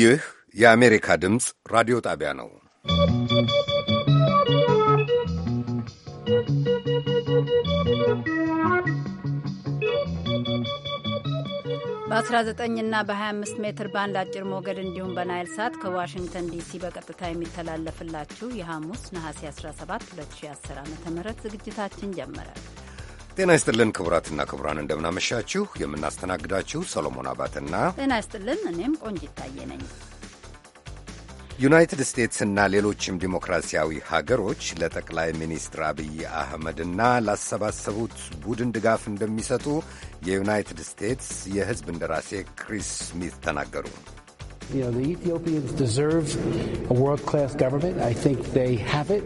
ይህ የአሜሪካ ድምፅ ራዲዮ ጣቢያ ነው። በ19 እና በ25 ሜትር ባንድ አጭር ሞገድ እንዲሁም በናይል ሳት ከዋሽንግተን ዲሲ በቀጥታ የሚተላለፍላችሁ የሐሙስ ነሐሴ 17 2010 ዓ ም ዝግጅታችን ጀመረ። ጤና ይስጥልን ክቡራትና ክቡራን፣ እንደምናመሻችሁ። የምናስተናግዳችሁ ሰሎሞን አባትና ጤና ይስጥልን፣ እኔም ቆንጅ ይታየ ነኝ። ዩናይትድ ስቴትስና ሌሎችም ዲሞክራሲያዊ ሀገሮች ለጠቅላይ ሚኒስትር አብይ አህመድና ላሰባሰቡት ቡድን ድጋፍ እንደሚሰጡ የዩናይትድ ስቴትስ የሕዝብ እንደራሴ ክሪስ ስሚት ተናገሩ። You know, the Ethiopians deserve a world-class government. I think they have it.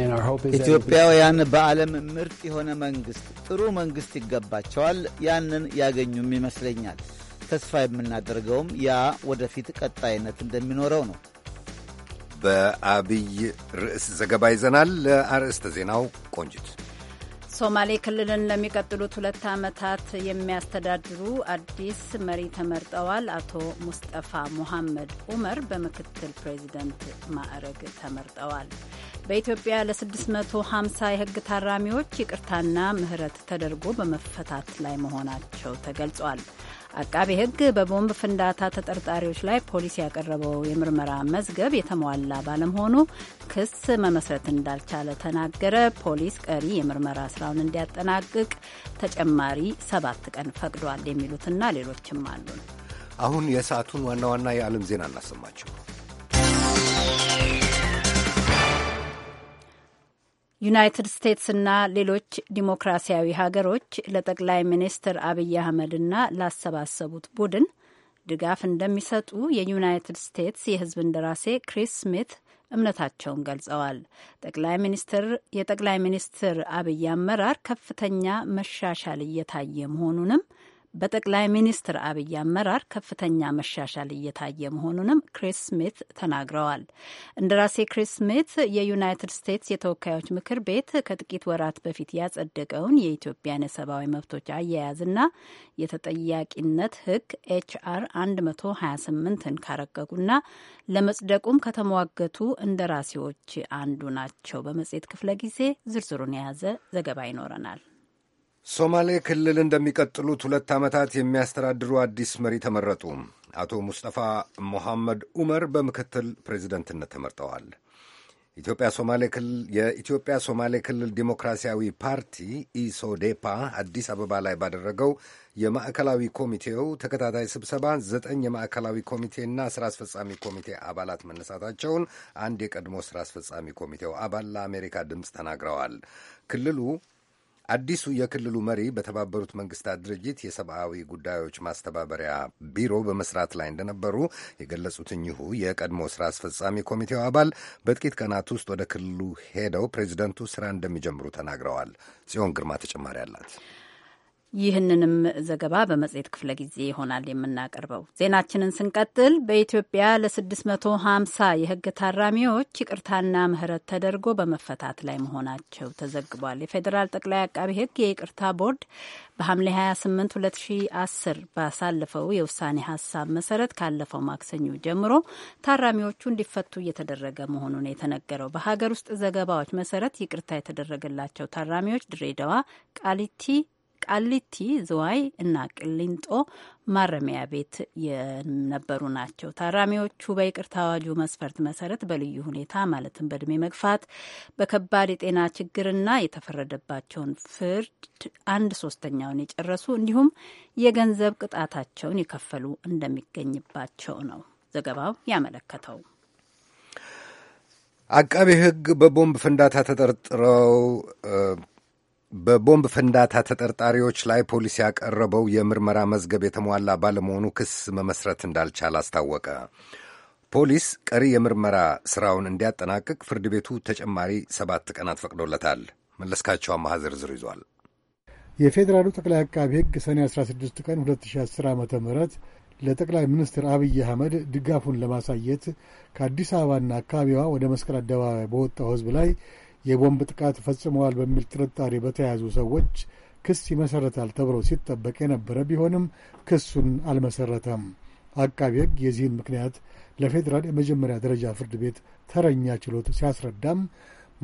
And our hope is ኢትዮጵያውያን በዓለም ምርጥ የሆነ መንግስት፣ ጥሩ መንግስት ይገባቸዋል። ያንን ያገኙም ይመስለኛል። ተስፋ የምናደርገውም ያ ወደፊት ቀጣይነት እንደሚኖረው ነው። በአብይ ርዕስ ዘገባ ይዘናል። ለአርዕስተ ዜናው ቆንጅት ሶማሌ ክልልን ለሚቀጥሉት ሁለት ዓመታት የሚያስተዳድሩ አዲስ መሪ ተመርጠዋል። አቶ ሙስጠፋ ሙሐመድ ኡመር በምክትል ፕሬዚደንት ማዕረግ ተመርጠዋል። በኢትዮጵያ ለ650 የሕግ ታራሚዎች ይቅርታና ምሕረት ተደርጎ በመፈታት ላይ መሆናቸው ተገልጿል። አቃቤ ሕግ በቦምብ ፍንዳታ ተጠርጣሪዎች ላይ ፖሊስ ያቀረበው የምርመራ መዝገብ የተሟላ ባለመሆኑ ክስ መመስረት እንዳልቻለ ተናገረ። ፖሊስ ቀሪ የምርመራ ስራውን እንዲያጠናቅቅ ተጨማሪ ሰባት ቀን ፈቅዷል። የሚሉትና ሌሎችም አሉን። አሁን የሰዓቱን ዋና ዋና የዓለም ዜና እናሰማቸው። ዩናይትድ ስቴትስና ሌሎች ዲሞክራሲያዊ ሀገሮች ለጠቅላይ ሚኒስትር አብይ አህመድና ላሰባሰቡት ቡድን ድጋፍ እንደሚሰጡ የዩናይትድ ስቴትስ የሕዝብ እንደራሴ ክሪስ ስሚት እምነታቸውን ገልጸዋል። ጠቅላይ ሚኒስትር የጠቅላይ ሚኒስትር አብይ አመራር ከፍተኛ መሻሻል እየታየ መሆኑንም በጠቅላይ ሚኒስትር አብይ አመራር ከፍተኛ መሻሻል እየታየ መሆኑንም ክሪስ ስሚት ተናግረዋል። እንደራሴ ክሪስ ስሚት የዩናይትድ ስቴትስ የተወካዮች ምክር ቤት ከጥቂት ወራት በፊት ያጸደቀውን የኢትዮጵያን የሰብአዊ መብቶች አያያዝና የተጠያቂነት ሕግ ኤችአር 128ን ካረቀቁና ለመጽደቁም ከተሟገቱ እንደራሴዎች አንዱ ናቸው። በመጽሔት ክፍለ ጊዜ ዝርዝሩን የያዘ ዘገባ ይኖረናል። ሶማሌ ክልል እንደሚቀጥሉት ሁለት ዓመታት የሚያስተዳድሩ አዲስ መሪ ተመረጡ። አቶ ሙስጠፋ ሞሐመድ ኡመር በምክትል ፕሬዚደንትነት ተመርጠዋል። የኢትዮጵያ ሶማሌ ክልል ዲሞክራሲያዊ ፓርቲ ኢሶዴፓ አዲስ አበባ ላይ ባደረገው የማዕከላዊ ኮሚቴው ተከታታይ ስብሰባ ዘጠኝ የማዕከላዊ ኮሚቴና ስራ አስፈጻሚ ኮሚቴ አባላት መነሳታቸውን አንድ የቀድሞ ስራ አስፈጻሚ ኮሚቴው አባል ለአሜሪካ ድምፅ ተናግረዋል። ክልሉ አዲሱ የክልሉ መሪ በተባበሩት መንግስታት ድርጅት የሰብአዊ ጉዳዮች ማስተባበሪያ ቢሮ በመስራት ላይ እንደነበሩ የገለጹት እኚሁ የቀድሞ ስራ አስፈጻሚ ኮሚቴው አባል በጥቂት ቀናት ውስጥ ወደ ክልሉ ሄደው ፕሬዚደንቱ ስራ እንደሚጀምሩ ተናግረዋል። ጽዮን ግርማ ተጨማሪ አላት። ይህንንም ዘገባ በመጽሔት ክፍለ ጊዜ ይሆናል የምናቀርበው። ዜናችንን ስንቀጥል በኢትዮጵያ ለ650 የህግ ታራሚዎች ይቅርታና ምህረት ተደርጎ በመፈታት ላይ መሆናቸው ተዘግቧል። የፌዴራል ጠቅላይ አቃቢ ሕግ የይቅርታ ቦርድ በሐምሌ 28 2010 ባሳለፈው የውሳኔ ሀሳብ መሰረት ካለፈው ማክሰኞ ጀምሮ ታራሚዎቹ እንዲፈቱ እየተደረገ መሆኑን የተነገረው በሀገር ውስጥ ዘገባዎች መሰረት ይቅርታ የተደረገላቸው ታራሚዎች ድሬዳዋ፣ ቃሊቲ ቃሊቲ፣ ዝዋይ እና ቅሊንጦ ማረሚያ ቤት የነበሩ ናቸው። ታራሚዎቹ በይቅርታ አዋጁ መስፈርት መሰረት በልዩ ሁኔታ ማለትም በእድሜ መግፋት፣ በከባድ የጤና ችግርና የተፈረደባቸውን ፍርድ አንድ ሶስተኛውን የጨረሱ እንዲሁም የገንዘብ ቅጣታቸውን የከፈሉ እንደሚገኝባቸው ነው ዘገባው ያመለከተው። አቃቤ ሕግ በቦምብ ፍንዳታ ተጠርጥረው በቦምብ ፍንዳታ ተጠርጣሪዎች ላይ ፖሊስ ያቀረበው የምርመራ መዝገብ የተሟላ ባለመሆኑ ክስ መመስረት እንዳልቻል አስታወቀ። ፖሊስ ቀሪ የምርመራ ስራውን እንዲያጠናቅቅ ፍርድ ቤቱ ተጨማሪ ሰባት ቀናት ፈቅዶለታል። መለስካቸው አማሃ ዝርዝር ይዟል። የፌዴራሉ ጠቅላይ አቃቢ ሕግ ሰኔ 16 ቀን 2010 ዓ ም ለጠቅላይ ሚኒስትር አብይ አህመድ ድጋፉን ለማሳየት ከአዲስ አበባና አካባቢዋ ወደ መስቀል አደባባይ በወጣው ሕዝብ ላይ የቦምብ ጥቃት ፈጽመዋል በሚል ጥርጣሬ በተያዙ ሰዎች ክስ ይመሰረታል ተብሎ ሲጠበቅ የነበረ ቢሆንም ክሱን አልመሰረተም። አቃቢ ሕግ የዚህን ምክንያት ለፌዴራል የመጀመሪያ ደረጃ ፍርድ ቤት ተረኛ ችሎት ሲያስረዳም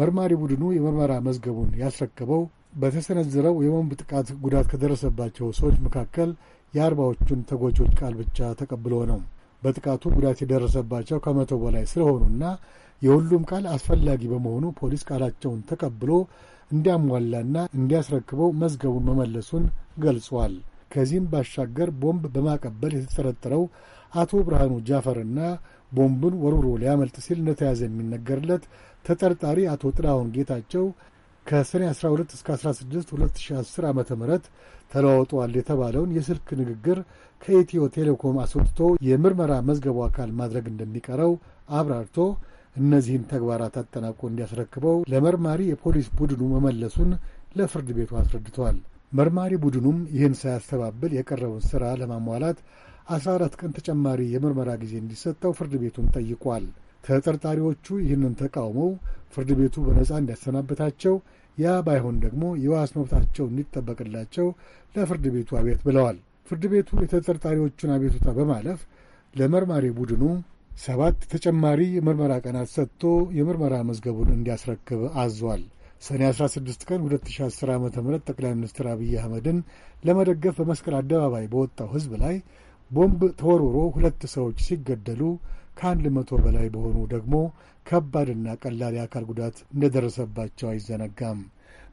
መርማሪ ቡድኑ የምርመራ መዝገቡን ያስረከበው በተሰነዘረው የቦምብ ጥቃት ጉዳት ከደረሰባቸው ሰዎች መካከል የአርባዎቹን ተጎጆች ቃል ብቻ ተቀብሎ ነው። በጥቃቱ ጉዳት የደረሰባቸው ከመቶ በላይ ስለሆኑና የሁሉም ቃል አስፈላጊ በመሆኑ ፖሊስ ቃላቸውን ተቀብሎ እንዲያሟላና እንዲያስረክበው መዝገቡን መመለሱን ገልጿል። ከዚህም ባሻገር ቦምብ በማቀበል የተጠረጠረው አቶ ብርሃኑ ጃፈርና ቦምብን ወርውሮ ሊያመልጥ ሲል እንደተያዘ የሚነገርለት ተጠርጣሪ አቶ ጥላሁን ጌታቸው ከሰኔ 12 እስከ 16 2010 ዓ ም ተለዋውጠዋል የተባለውን የስልክ ንግግር ከኢትዮ ቴሌኮም አስወጥቶ የምርመራ መዝገቡ አካል ማድረግ እንደሚቀረው አብራርቶ እነዚህን ተግባራት አጠናቆ እንዲያስረክበው ለመርማሪ የፖሊስ ቡድኑ መመለሱን ለፍርድ ቤቱ አስረድተዋል። መርማሪ ቡድኑም ይህን ሳያስተባብል የቀረውን ሥራ ለማሟላት አስራ አራት ቀን ተጨማሪ የምርመራ ጊዜ እንዲሰጠው ፍርድ ቤቱን ጠይቋል። ተጠርጣሪዎቹ ይህንን ተቃውመው ፍርድ ቤቱ በነጻ እንዲያሰናበታቸው፣ ያ ባይሆን ደግሞ የዋስ መብታቸው እንዲጠበቅላቸው ለፍርድ ቤቱ አቤት ብለዋል። ፍርድ ቤቱ የተጠርጣሪዎቹን አቤቱታ በማለፍ ለመርማሪ ቡድኑ ሰባት ተጨማሪ የምርመራ ቀናት ሰጥቶ የምርመራ መዝገቡን እንዲያስረክብ አዟል። ሰኔ 16 ቀን 2010 ዓ ም ጠቅላይ ሚኒስትር አብይ አህመድን ለመደገፍ በመስቀል አደባባይ በወጣው ህዝብ ላይ ቦምብ ተወርውሮ ሁለት ሰዎች ሲገደሉ ከአንድ መቶ በላይ በሆኑ ደግሞ ከባድና ቀላል የአካል ጉዳት እንደደረሰባቸው አይዘነጋም።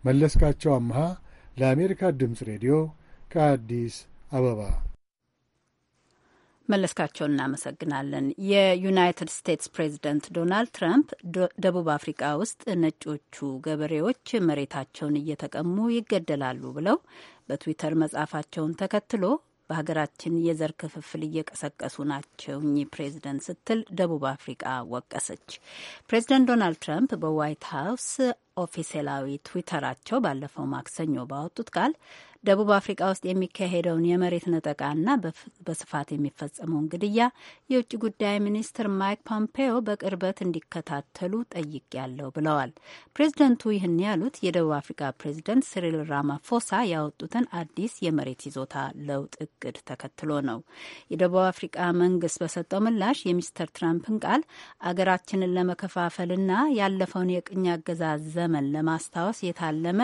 መለስካቸው አምሃ ለአሜሪካ ድምፅ ሬዲዮ ከአዲስ አበባ መለስካቸውን እናመሰግናለን። የዩናይትድ ስቴትስ ፕሬዚደንት ዶናልድ ትራምፕ ደቡብ አፍሪካ ውስጥ ነጮቹ ገበሬዎች መሬታቸውን እየተቀሙ ይገደላሉ ብለው በትዊተር መጻፋቸውን ተከትሎ በሀገራችን የዘር ክፍፍል እየቀሰቀሱ ናቸው እኚህ ፕሬዚደንት ስትል ደቡብ አፍሪቃ ወቀሰች። ፕሬዚደንት ዶናልድ ትራምፕ በዋይት ሀውስ ኦፊሴላዊ ትዊተራቸው ባለፈው ማክሰኞ ባወጡት ቃል ደቡብ አፍሪካ ውስጥ የሚካሄደውን የመሬት ነጠቃና በስፋት የሚፈጸመውን ግድያ የውጭ ጉዳይ ሚኒስትር ማይክ ፖምፔዮ በቅርበት እንዲከታተሉ ጠይቄያለሁ ብለዋል። ፕሬዝደንቱ ይህን ያሉት የደቡብ አፍሪካ ፕሬዝደንት ሲሪል ራማፎሳ ያወጡትን አዲስ የመሬት ይዞታ ለውጥ እቅድ ተከትሎ ነው። የደቡብ አፍሪካ መንግስት በሰጠው ምላሽ የሚስተር ትራምፕን ቃል አገራችንን ለመከፋፈልና ያለፈውን የቅኝ አገዛዝ ዘመን ለማስታወስ የታለመ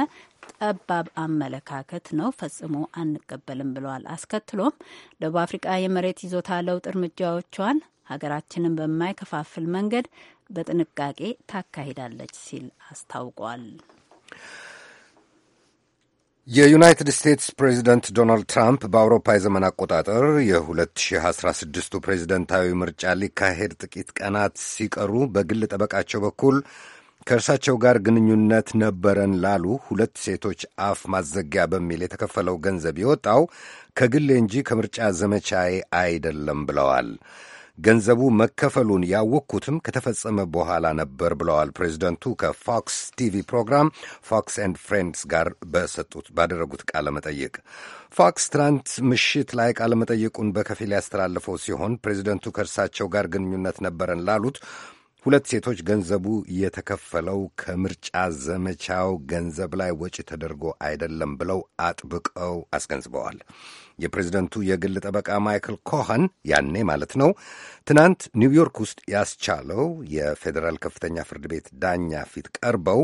ጠባብ አመለካከት ነው፣ ፈጽሞ አንቀበልም ብለዋል። አስከትሎም ደቡብ አፍሪቃ የመሬት ይዞታ ለውጥ እርምጃዎቿን ሀገራችንን በማይከፋፍል መንገድ በጥንቃቄ ታካሂዳለች ሲል አስታውቋል። የዩናይትድ ስቴትስ ፕሬዚደንት ዶናልድ ትራምፕ በአውሮፓ የዘመን አቆጣጠር የ2016ቱ ፕሬዚደንታዊ ምርጫ ሊካሄድ ጥቂት ቀናት ሲቀሩ በግል ጠበቃቸው በኩል ከእርሳቸው ጋር ግንኙነት ነበረን ላሉ ሁለት ሴቶች አፍ ማዘጊያ በሚል የተከፈለው ገንዘብ የወጣው ከግሌ እንጂ ከምርጫ ዘመቻዬ አይደለም ብለዋል። ገንዘቡ መከፈሉን ያወቅኩትም ከተፈጸመ በኋላ ነበር ብለዋል ፕሬዚደንቱ ከፎክስ ቲቪ ፕሮግራም ፎክስ ኤንድ ፍሬንድስ ጋር በሰጡት ባደረጉት ቃለ መጠይቅ። ፎክስ ትናንት ምሽት ላይ ቃለ መጠይቁን በከፊል ያስተላለፈው ሲሆን ፕሬዚደንቱ ከእርሳቸው ጋር ግንኙነት ነበረን ላሉት ሁለት ሴቶች ገንዘቡ የተከፈለው ከምርጫ ዘመቻው ገንዘብ ላይ ወጪ ተደርጎ አይደለም ብለው አጥብቀው አስገንዝበዋል። የፕሬዝደንቱ የግል ጠበቃ ማይክል ኮኸን ያኔ ማለት ነው ትናንት ኒውዮርክ ውስጥ ያስቻለው የፌዴራል ከፍተኛ ፍርድ ቤት ዳኛ ፊት ቀርበው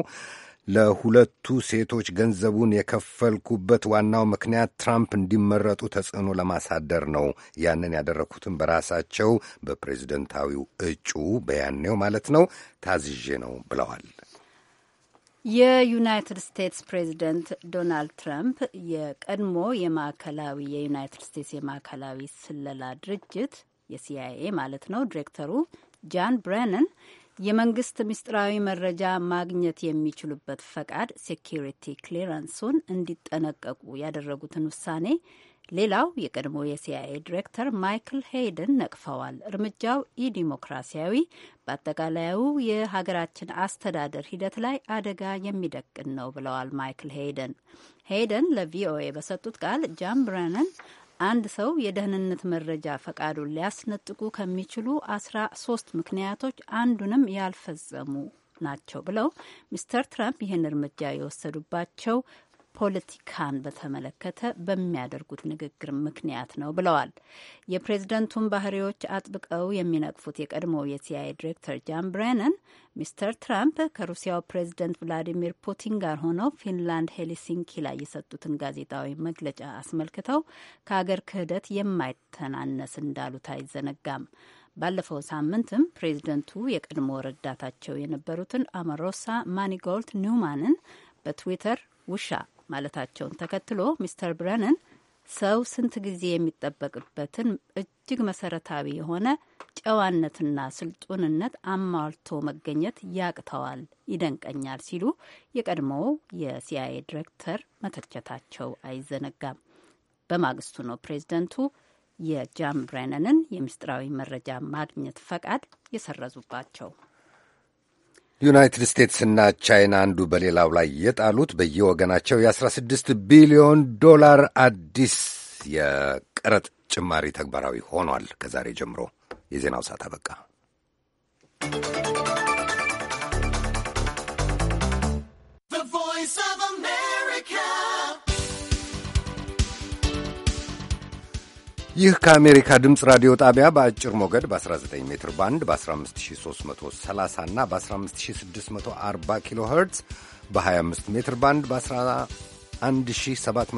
ለሁለቱ ሴቶች ገንዘቡን የከፈልኩበት ዋናው ምክንያት ትራምፕ እንዲመረጡ ተጽዕኖ ለማሳደር ነው። ያንን ያደረግኩትን በራሳቸው በፕሬዝደንታዊው እጩ በያኔው ማለት ነው ታዝዤ ነው ብለዋል። የዩናይትድ ስቴትስ ፕሬዝደንት ዶናልድ ትራምፕ የቀድሞ የማዕከላዊ የዩናይትድ ስቴትስ የማዕከላዊ ስለላ ድርጅት የሲአይኤ ማለት ነው ዲሬክተሩ ጃን ብሬነን የመንግስት ምስጢራዊ መረጃ ማግኘት የሚችሉበት ፈቃድ ሴኪሪቲ ክሌረንሱን እንዲጠነቀቁ ያደረጉትን ውሳኔ ሌላው የቀድሞ የሲአይኤ ዲሬክተር ማይክል ሄይደን ነቅፈዋል። እርምጃው ኢዲሞክራሲያዊ፣ በአጠቃላዩ የሀገራችን አስተዳደር ሂደት ላይ አደጋ የሚደቅን ነው ብለዋል ማይክል ሄይደን። ሄይደን ለቪኦኤ በሰጡት ቃል ጃን ብረነን አንድ ሰው የደህንነት መረጃ ፈቃዱን ሊያስነጥቁ ከሚችሉ አስራ ሶስት ምክንያቶች አንዱንም ያልፈጸሙ ናቸው ብለው ሚስተር ትራምፕ ይህን እርምጃ የወሰዱባቸው ፖለቲካን በተመለከተ በሚያደርጉት ንግግር ምክንያት ነው ብለዋል። የፕሬዝደንቱን ባህሪዎች አጥብቀው የሚነቅፉት የቀድሞው የሲአይኤ ዲሬክተር ጃን ብሬነን ሚስተር ትራምፕ ከሩሲያው ፕሬዝደንት ቭላዲሚር ፑቲን ጋር ሆነው ፊንላንድ ሄልሲንኪ ላይ የሰጡትን ጋዜጣዊ መግለጫ አስመልክተው ከሀገር ክህደት የማይተናነስ እንዳሉት አይዘነጋም። ባለፈው ሳምንትም ፕሬዝደንቱ የቀድሞ ረዳታቸው የነበሩትን አማሮሳ ማኒጎልት ኒውማንን በትዊተር ውሻ ማለታቸውን ተከትሎ ሚስተር ብረነን ሰው ስንት ጊዜ የሚጠበቅበትን እጅግ መሰረታዊ የሆነ ጨዋነትና ስልጡንነት አሟልቶ መገኘት ያቅተዋል፣ ይደንቀኛል ሲሉ የቀድሞው የሲአይኤ ዲሬክተር መተቸታቸው አይዘነጋም። በማግስቱ ነው ፕሬዚደንቱ የጃን ብሬነንን የምስጢራዊ መረጃ ማግኘት ፈቃድ የሰረዙባቸው። ዩናይትድ ስቴትስና ቻይና አንዱ በሌላው ላይ የጣሉት በየወገናቸው የ16 ቢሊዮን ዶላር አዲስ የቀረጥ ጭማሪ ተግባራዊ ሆኗል። ከዛሬ ጀምሮ የዜናው ሰዓት አበቃ። ይህ ከአሜሪካ ድምፅ ራዲዮ ጣቢያ በአጭር ሞገድ በ19 ሜትር ባንድ በ15330 እና በ15640 ኪሎ ኸርትዝ በ25 ሜትር ባንድ በ11720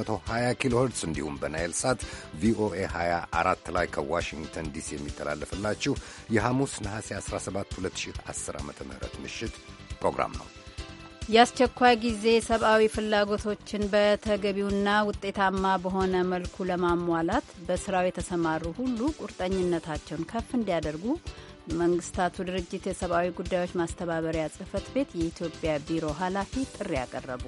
ኪሎ ኸርትዝ እንዲሁም በናይል ሳት ቪኦኤ 24 ላይ ከዋሽንግተን ዲሲ የሚተላለፍላችሁ የሐሙስ ነሐሴ 17 2010 ዓ ም ምሽት ፕሮግራም ነው። የአስቸኳይ ጊዜ ሰብአዊ ፍላጎቶችን በተገቢውና ውጤታማ በሆነ መልኩ ለማሟላት በስራው የተሰማሩ ሁሉ ቁርጠኝነታቸውን ከፍ እንዲያደርጉ መንግስታቱ ድርጅት የሰብአዊ ጉዳዮች ማስተባበሪያ ጽህፈት ቤት የኢትዮጵያ ቢሮ ኃላፊ ጥሪ ያቀረቡ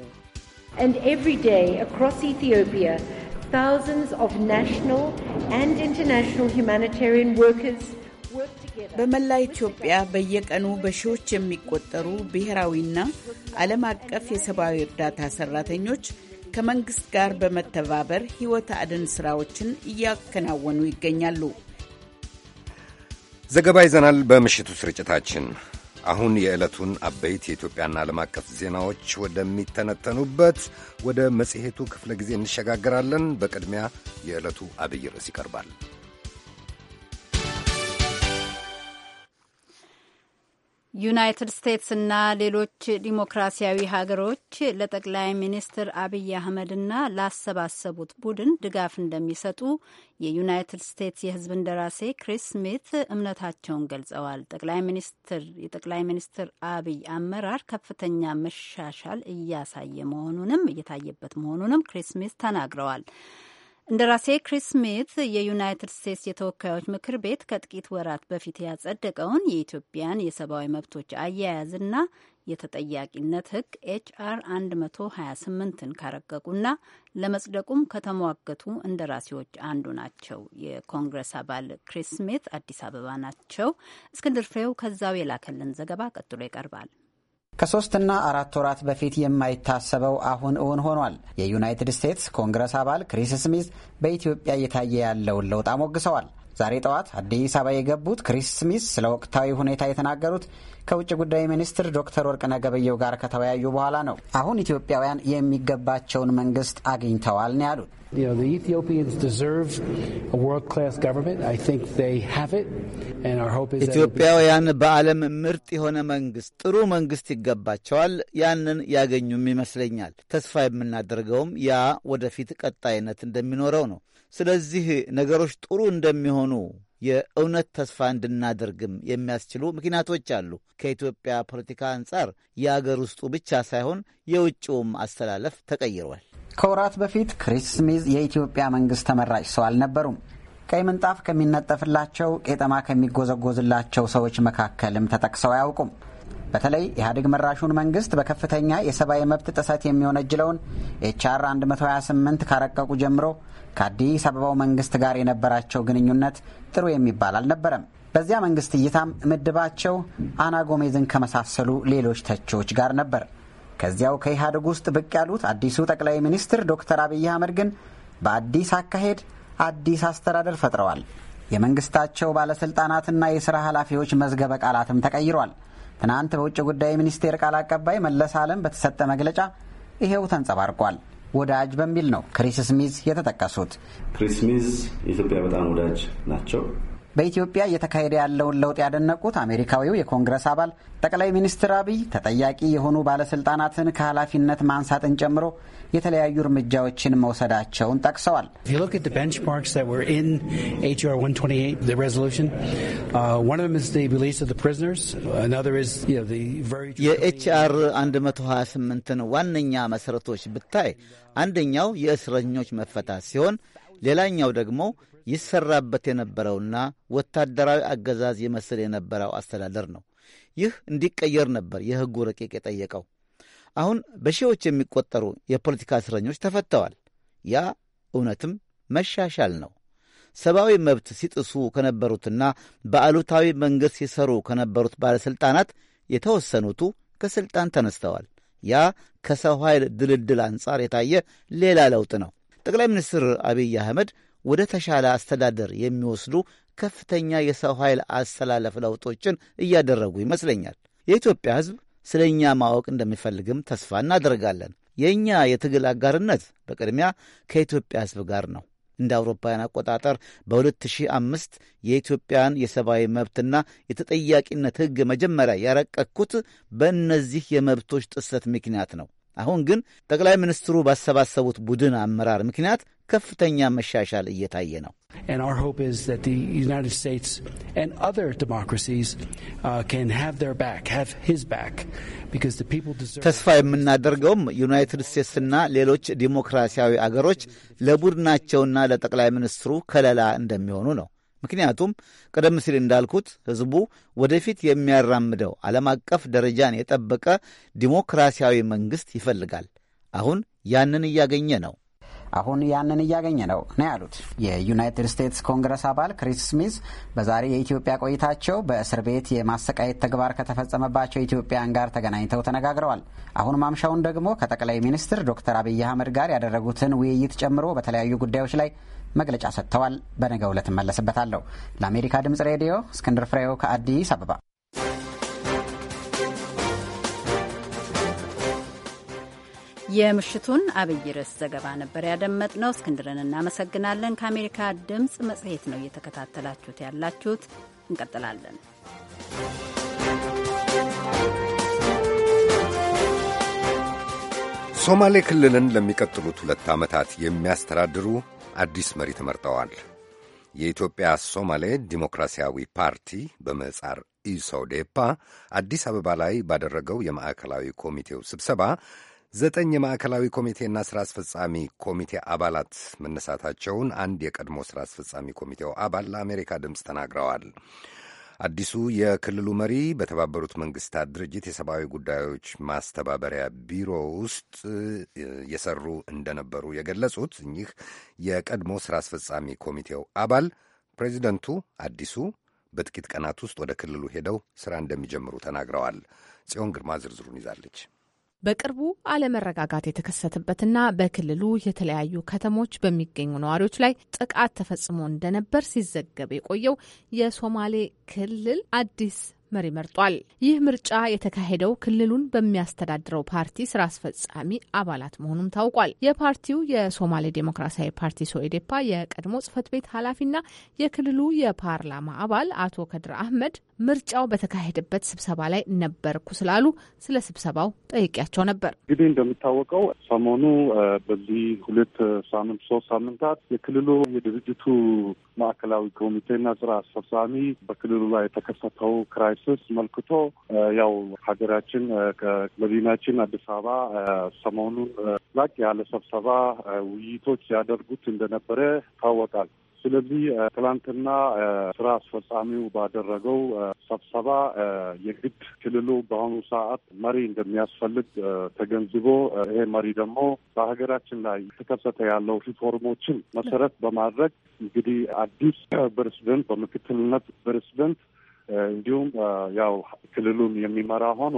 በመላ ኢትዮጵያ በየቀኑ በሺዎች የሚቆጠሩ ብሔራዊና ዓለም አቀፍ የሰብአዊ እርዳታ ሰራተኞች ከመንግስት ጋር በመተባበር ሕይወት አድን ስራዎችን እያከናወኑ ይገኛሉ። ዘገባ ይዘናል በምሽቱ ስርጭታችን። አሁን የዕለቱን አበይት የኢትዮጵያና ዓለም አቀፍ ዜናዎች ወደሚተነተኑበት ወደ መጽሔቱ ክፍለ ጊዜ እንሸጋግራለን። በቅድሚያ የዕለቱ አብይ ርዕስ ይቀርባል። ዩናይትድ ስቴትስና ሌሎች ዲሞክራሲያዊ ሀገሮች ለጠቅላይ ሚኒስትር አብይ አህመድና ላሰባሰቡት ቡድን ድጋፍ እንደሚሰጡ የዩናይትድ ስቴትስ የሕዝብ እንደራሴ ክሪስ ስሚት እምነታቸውን ገልጸዋል። ጠቅላይ ሚኒስትር የጠቅላይ ሚኒስትር አብይ አመራር ከፍተኛ መሻሻል እያሳየ መሆኑንም እየታየበት መሆኑንም ክሪስ ስሚት ተናግረዋል። እንደራሴ ክሪስ ስሚት የዩናይትድ ስቴትስ የተወካዮች ምክር ቤት ከጥቂት ወራት በፊት ያጸደቀውን የኢትዮጵያን የሰብአዊ መብቶች አያያዝና የተጠያቂነት ሕግ ኤችአር 128ን ካረቀቁና ለመጽደቁም ከተሟገቱ እንደራሴዎች አንዱ ናቸው። የኮንግረስ አባል ክሪስ ስሚት አዲስ አበባ ናቸው። እስክንድር ፍሬው ከዛው የላከልን ዘገባ ቀጥሎ ይቀርባል። ከሶስትና አራት ወራት በፊት የማይታሰበው አሁን እውን ሆኗል። የዩናይትድ ስቴትስ ኮንግረስ አባል ክሪስ ስሚዝ በኢትዮጵያ እየታየ ያለውን ለውጥ አሞግሰዋል። ዛሬ ጠዋት አዲስ አበባ የገቡት ክሪስ ስሚዝ ስለ ወቅታዊ ሁኔታ የተናገሩት ከውጭ ጉዳይ ሚኒስትር ዶክተር ወርቅነህ ገበየሁ ጋር ከተወያዩ በኋላ ነው። አሁን ኢትዮጵያውያን የሚገባቸውን መንግስት አግኝተዋል ነው ያሉት። You know, the Ethiopians deserve a world-class government. I think they have it. And our hope is ኢትዮጵያውያን በዓለም ምርጥ የሆነ መንግስት፣ ጥሩ መንግስት ይገባቸዋል። ያንን ያገኙም ይመስለኛል። ተስፋ የምናደርገውም ያ ወደፊት ቀጣይነት እንደሚኖረው ነው። ስለዚህ ነገሮች ጥሩ እንደሚሆኑ የእውነት ተስፋ እንድናደርግም የሚያስችሉ ምክንያቶች አሉ። ከኢትዮጵያ ፖለቲካ አንጻር የአገር ውስጡ ብቻ ሳይሆን የውጭውም አስተላለፍ ተቀይሯል። ከወራት በፊት ክሪስ ስሚዝ የኢትዮጵያ መንግስት ተመራጭ ሰው አልነበሩም። ቀይ ምንጣፍ ከሚነጠፍላቸው ቄጠማ ከሚጎዘጎዝላቸው ሰዎች መካከልም ተጠቅሰው አያውቁም። በተለይ ኢህአዴግ መራሹን መንግስት በከፍተኛ የሰብአዊ መብት ጥሰት የሚወነጅለውን ኤችአር 128 ካረቀቁ ጀምሮ ከአዲስ አበባው መንግስት ጋር የነበራቸው ግንኙነት ጥሩ የሚባል አልነበረም። በዚያ መንግስት እይታም ምድባቸው አና ጎሜዝን ከመሳሰሉ ሌሎች ተቺዎች ጋር ነበር። ከዚያው ከኢህአዴግ ውስጥ ብቅ ያሉት አዲሱ ጠቅላይ ሚኒስትር ዶክተር አብይ አህመድ ግን በአዲስ አካሄድ አዲስ አስተዳደር ፈጥረዋል። የመንግስታቸው ባለስልጣናትና የሥራ ኃላፊዎች መዝገበ ቃላትም ተቀይሯል። ትናንት በውጭ ጉዳይ ሚኒስቴር ቃል አቀባይ መለስ ዓለም በተሰጠ መግለጫ ይሄው ተንጸባርቋል። ወዳጅ በሚል ነው ክሪስ ስሚዝ የተጠቀሱት። ክሪስ ስሚዝ ኢትዮጵያ በጣም ወዳጅ ናቸው። በኢትዮጵያ እየተካሄደ ያለውን ለውጥ ያደነቁት አሜሪካዊው የኮንግረስ አባል ጠቅላይ ሚኒስትር አብይ ተጠያቂ የሆኑ ባለስልጣናትን ከኃላፊነት ማንሳትን ጨምሮ የተለያዩ እርምጃዎችን መውሰዳቸውን ጠቅሰዋል። uh, የኤችአር 128ን ዋነኛ መሠረቶች ብታይ አንደኛው የእስረኞች መፈታት ሲሆን ሌላኛው ደግሞ ይሰራበት የነበረውና ወታደራዊ አገዛዝ ይመስል የነበረው አስተዳደር ነው። ይህ እንዲቀየር ነበር የሕጉ ረቂቅ የጠየቀው። አሁን በሺዎች የሚቆጠሩ የፖለቲካ እስረኞች ተፈተዋል። ያ እውነትም መሻሻል ነው። ሰብአዊ መብት ሲጥሱ ከነበሩትና በአሉታዊ መንገድ ሲሰሩ ከነበሩት ባለሥልጣናት የተወሰኑቱ ከሥልጣን ተነስተዋል። ያ ከሰው ኃይል ድልድል አንጻር የታየ ሌላ ለውጥ ነው። ጠቅላይ ሚኒስትር አብይ አህመድ ወደ ተሻለ አስተዳደር የሚወስዱ ከፍተኛ የሰው ኃይል አሰላለፍ ለውጦችን እያደረጉ ይመስለኛል። የኢትዮጵያ ሕዝብ ስለ እኛ ማወቅ እንደሚፈልግም ተስፋ እናደርጋለን። የእኛ የትግል አጋርነት በቅድሚያ ከኢትዮጵያ ሕዝብ ጋር ነው። እንደ አውሮፓውያን አቆጣጠር በ2005 የኢትዮጵያን የሰብአዊ መብትና የተጠያቂነት ሕግ መጀመሪያ ያረቀቅኩት በእነዚህ የመብቶች ጥሰት ምክንያት ነው። አሁን ግን ጠቅላይ ሚኒስትሩ ባሰባሰቡት ቡድን አመራር ምክንያት ከፍተኛ መሻሻል እየታየ ነው። uh, ተስፋ የምናደርገውም ዩናይትድ ስቴትስና ሌሎች ዲሞክራሲያዊ አገሮች ለቡድናቸውና ለጠቅላይ ሚኒስትሩ ከለላ እንደሚሆኑ ነው። ምክንያቱም ቀደም ሲል እንዳልኩት ሕዝቡ ወደፊት የሚያራምደው ዓለም አቀፍ ደረጃን የጠበቀ ዲሞክራሲያዊ መንግሥት ይፈልጋል። አሁን ያንን እያገኘ ነው። አሁን ያንን እያገኘ ነው ነው ያሉት የዩናይትድ ስቴትስ ኮንግረስ አባል ክሪስ ስሚዝ በዛሬ የኢትዮጵያ ቆይታቸው በእስር ቤት የማሰቃየት ተግባር ከተፈጸመባቸው ኢትዮጵያን ጋር ተገናኝተው ተነጋግረዋል። አሁን ማምሻውን ደግሞ ከጠቅላይ ሚኒስትር ዶክተር አብይ አህመድ ጋር ያደረጉትን ውይይት ጨምሮ በተለያዩ ጉዳዮች ላይ መግለጫ ሰጥተዋል። በነገው ዕለት እመለስበታለሁ። ለአሜሪካ ድምጽ ሬዲዮ እስክንድር ፍሬው ከአዲስ አበባ የምሽቱን አብይ ርዕስ ዘገባ ነበር ያደመጥነው። እስክንድርን እናመሰግናለን። ከአሜሪካ ድምፅ መጽሔት ነው እየተከታተላችሁት ያላችሁት። እንቀጥላለን። ሶማሌ ክልልን ለሚቀጥሉት ሁለት ዓመታት የሚያስተዳድሩ አዲስ መሪ ተመርጠዋል። የኢትዮጵያ ሶማሌ ዲሞክራሲያዊ ፓርቲ በመጻር ኢሶዴፓ አዲስ አበባ ላይ ባደረገው የማዕከላዊ ኮሚቴው ስብሰባ ዘጠኝ የማዕከላዊ ኮሚቴና ስራ አስፈጻሚ ኮሚቴ አባላት መነሳታቸውን አንድ የቀድሞ ስራ አስፈጻሚ ኮሚቴው አባል ለአሜሪካ ድምፅ ተናግረዋል። አዲሱ የክልሉ መሪ በተባበሩት መንግስታት ድርጅት የሰብአዊ ጉዳዮች ማስተባበሪያ ቢሮ ውስጥ የሰሩ እንደነበሩ የገለጹት እኚህ የቀድሞ ስራ አስፈጻሚ ኮሚቴው አባል ፕሬዚደንቱ አዲሱ በጥቂት ቀናት ውስጥ ወደ ክልሉ ሄደው ስራ እንደሚጀምሩ ተናግረዋል። ጽዮን ግርማ ዝርዝሩን ይዛለች። በቅርቡ አለመረጋጋት የተከሰተበትና በክልሉ የተለያዩ ከተሞች በሚገኙ ነዋሪዎች ላይ ጥቃት ተፈጽሞ እንደነበር ሲዘገብ የቆየው የሶማሌ ክልል አዲስ መሪ መርጧል። ይህ ምርጫ የተካሄደው ክልሉን በሚያስተዳድረው ፓርቲ ስራ አስፈጻሚ አባላት መሆኑም ታውቋል። የፓርቲው የሶማሌ ዴሞክራሲያዊ ፓርቲ ሶኢዴፓ የቀድሞ ጽህፈት ቤት ኃላፊና የክልሉ የፓርላማ አባል አቶ ከድር አህመድ ምርጫው በተካሄደበት ስብሰባ ላይ ነበርኩ ስላሉ ስለ ስብሰባው ጠይቄያቸው ነበር። እንግዲህ እንደሚታወቀው ሰሞኑ በዚህ ሁለት ሳምንት ሶስት ሳምንታት የክልሉ የድርጅቱ ማዕከላዊ ኮሚቴና ስራ አስፈጻሚ በክልሉ ላይ የተከሰተው ክራይ እሱስ መልክቶ ያው ሀገራችን መዲናችን አዲስ አበባ ሰሞኑን ላቅ ያለ ስብሰባ ውይይቶች ያደርጉት እንደነበረ ይታወቃል። ስለዚህ ትላንትና ስራ አስፈጻሚው ባደረገው ስብሰባ የግድ ክልሉ በአሁኑ ሰዓት መሪ እንደሚያስፈልግ ተገንዝቦ ይሄ መሪ ደግሞ በሀገራችን ላይ የተከሰተ ያለው ሪፎርሞችን መሰረት በማድረግ እንግዲህ አዲስ ፕሬዚደንት በምክትልነት ፕሬዚደንት እንዲሁም ያው ክልሉን የሚመራ ሆኖ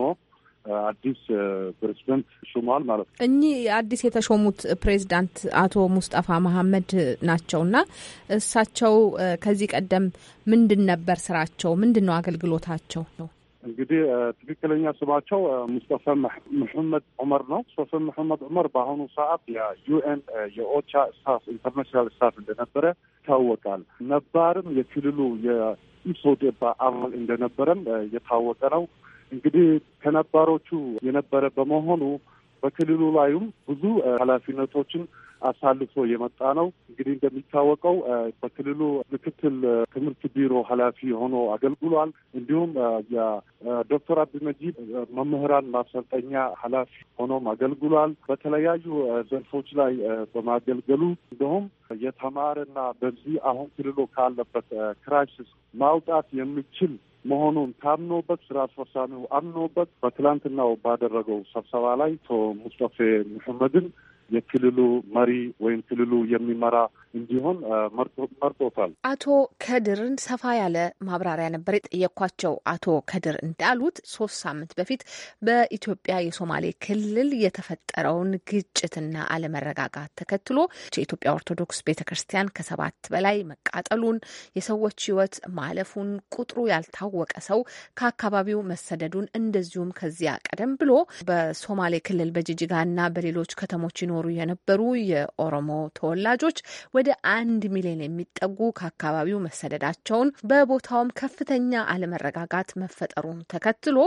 አዲስ ፕሬዚደንት ሹሟል ማለት ነው። እኚህ አዲስ የተሾሙት ፕሬዚዳንት አቶ ሙስጠፋ መሀመድ ናቸውና እሳቸው ከዚህ ቀደም ምንድን ነበር ስራቸው? ምንድን ነው አገልግሎታቸው? ነው እንግዲህ ትክክለኛ ስማቸው ሙስጠፋ መሐመድ ዑመር ነው። ሙስጠፋ መሐመድ ዑመር በአሁኑ ሰዓት የዩኤን የኦቻ ስታፍ ኢንተርናሽናል ስታፍ እንደነበረ ይታወቃል። ነባርም የክልሉ ኢፕሶዴፓ አባል እንደነበረም የታወቀ ነው። እንግዲህ ከነባሮቹ የነበረ በመሆኑ በክልሉ ላይም ብዙ ኃላፊነቶችን አሳልፎ የመጣ ነው። እንግዲህ እንደሚታወቀው በክልሉ ምክትል ትምህርት ቢሮ ኃላፊ ሆኖ አገልግሏል። እንዲሁም የዶክተር አብዲ መጂብ መምህራን ማሰልጠኛ ኃላፊ ሆኖም አገልግሏል። በተለያዩ ዘርፎች ላይ በማገልገሉ እንዲሁም የተማረና በዚህ አሁን ክልሉ ካለበት ክራይሲስ ማውጣት የሚችል መሆኑን ታምኖበት ስራ አስፈጻሚው አምኖበት በትላንትናው ባደረገው ስብሰባ ላይ ቶ ሙስጠፌ መሐመድን የክልሉ መሪ ወይም ክልሉ የሚመራ እንዲሆን መርጦታል። አቶ ከድርን ሰፋ ያለ ማብራሪያ ነበር የጠየኳቸው። አቶ ከድር እንዳሉት ሶስት ሳምንት በፊት በኢትዮጵያ የሶማሌ ክልል የተፈጠረውን ግጭትና አለመረጋጋት ተከትሎ የኢትዮጵያ ኦርቶዶክስ ቤተ ክርስቲያን ከሰባት በላይ መቃጠሉን፣ የሰዎች ሕይወት ማለፉን፣ ቁጥሩ ያልታወቀ ሰው ከአካባቢው መሰደዱን እንደዚሁም ከዚያ ቀደም ብሎ በሶማሌ ክልል በጅጅጋና በሌሎች ከተሞች ይኖሩ የነበሩ የኦሮሞ ተወላጆች ወደ አንድ ሚሊዮን የሚጠጉ ከአካባቢው መሰደዳቸውን በቦታውም ከፍተኛ አለመረጋጋት መፈጠሩን ተከትሎ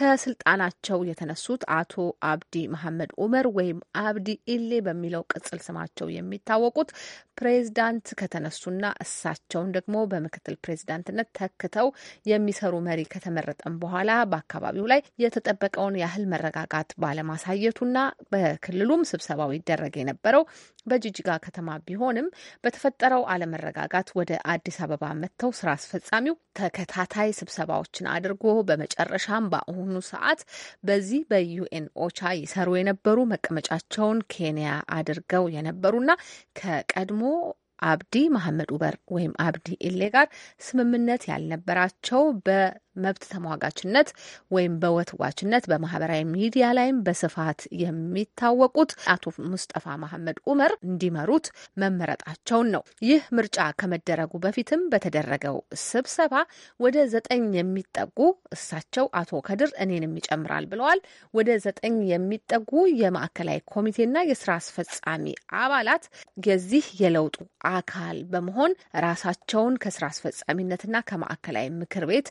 ከስልጣናቸው የተነሱት አቶ አብዲ መሐመድ ኡመር ወይም አብዲ ኢሌ በሚለው ቅጽል ስማቸው የሚታወቁት ፕሬዝዳንት ከተነሱና እሳቸውን ደግሞ በምክትል ፕሬዝዳንትነት ተክተው የሚሰሩ መሪ ከተመረጠም በኋላ በአካባቢው ላይ የተጠበቀውን ያህል መረጋጋት ባለማሳየቱና በክልሉም ስብሰባው ይደረግ የነበረው በጅጅጋ ከተማ ቢሆንም በተፈጠረው አለመረጋጋት ወደ አዲስ አበባ መጥተው ስራ አስፈጻሚው ተከታታይ ስብሰባዎችን አድርጎ በመጨረሻም በአሁኑ ሰዓት በዚህ በዩኤን ኦቻ ይሰሩ የነበሩ መቀመጫቸውን ኬንያ አድርገው የነበሩና ከቀድሞ አብዲ መሐመድ ኡበር ወይም አብዲ ኢሌ ጋር ስምምነት ያልነበራቸው በ መብት ተሟጋችነት ወይም በወትዋችነት በማህበራዊ ሚዲያ ላይም በስፋት የሚታወቁት አቶ ሙስጠፋ መሐመድ ኡመር እንዲመሩት መመረጣቸውን ነው። ይህ ምርጫ ከመደረጉ በፊትም በተደረገው ስብሰባ ወደ ዘጠኝ የሚጠጉ እሳቸው አቶ ከድር እኔንም ይጨምራል ብለዋል። ወደ ዘጠኝ የሚጠጉ የማዕከላዊ ኮሚቴና የስራ አስፈጻሚ አባላት የዚህ የለውጡ አካል በመሆን ራሳቸውን ከስራ አስፈጻሚነትና ከማዕከላዊ ምክር ቤት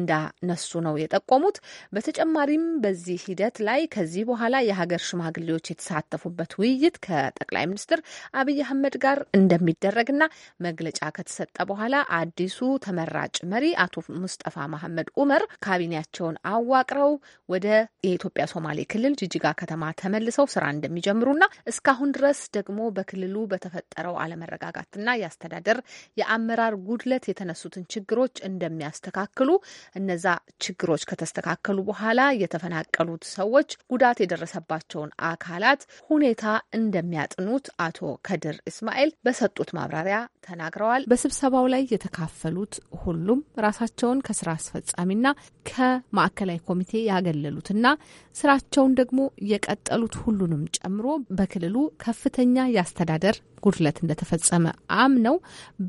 እንዳነሱ ነው የጠቆሙት። በተጨማሪም በዚህ ሂደት ላይ ከዚህ በኋላ የሀገር ሽማግሌዎች የተሳተፉበት ውይይት ከጠቅላይ ሚኒስትር አብይ አህመድ ጋር እንደሚደረግና መግለጫ ከተሰጠ በኋላ አዲሱ ተመራጭ መሪ አቶ ሙስጠፋ መሐመድ ኡመር ካቢኔያቸውን አዋቅረው ወደ የኢትዮጵያ ሶማሌ ክልል ጅጅጋ ከተማ ተመልሰው ስራ እንደሚጀምሩና እስካሁን ድረስ ደግሞ በክልሉ በተፈጠረው አለመረጋጋትና የአስተዳደር የአመራር ጉድለት የተነሱትን ችግሮች እንደሚያስተካክሉ እነዛ ችግሮች ከተስተካከሉ በኋላ የተፈናቀሉት ሰዎች ጉዳት የደረሰባቸውን አካላት ሁኔታ እንደሚያጥኑት አቶ ከድር እስማኤል በሰጡት ማብራሪያ ተናግረዋል። በስብሰባው ላይ የተካፈሉት ሁሉም ራሳቸውን ከስራ አስፈጻሚና ከማዕከላዊ ኮሚቴ ያገለሉትና ስራቸውን ደግሞ የቀጠሉት ሁሉንም ጨምሮ በክልሉ ከፍተኛ የአስተዳደር ጉድለት እንደተፈጸመ አምነው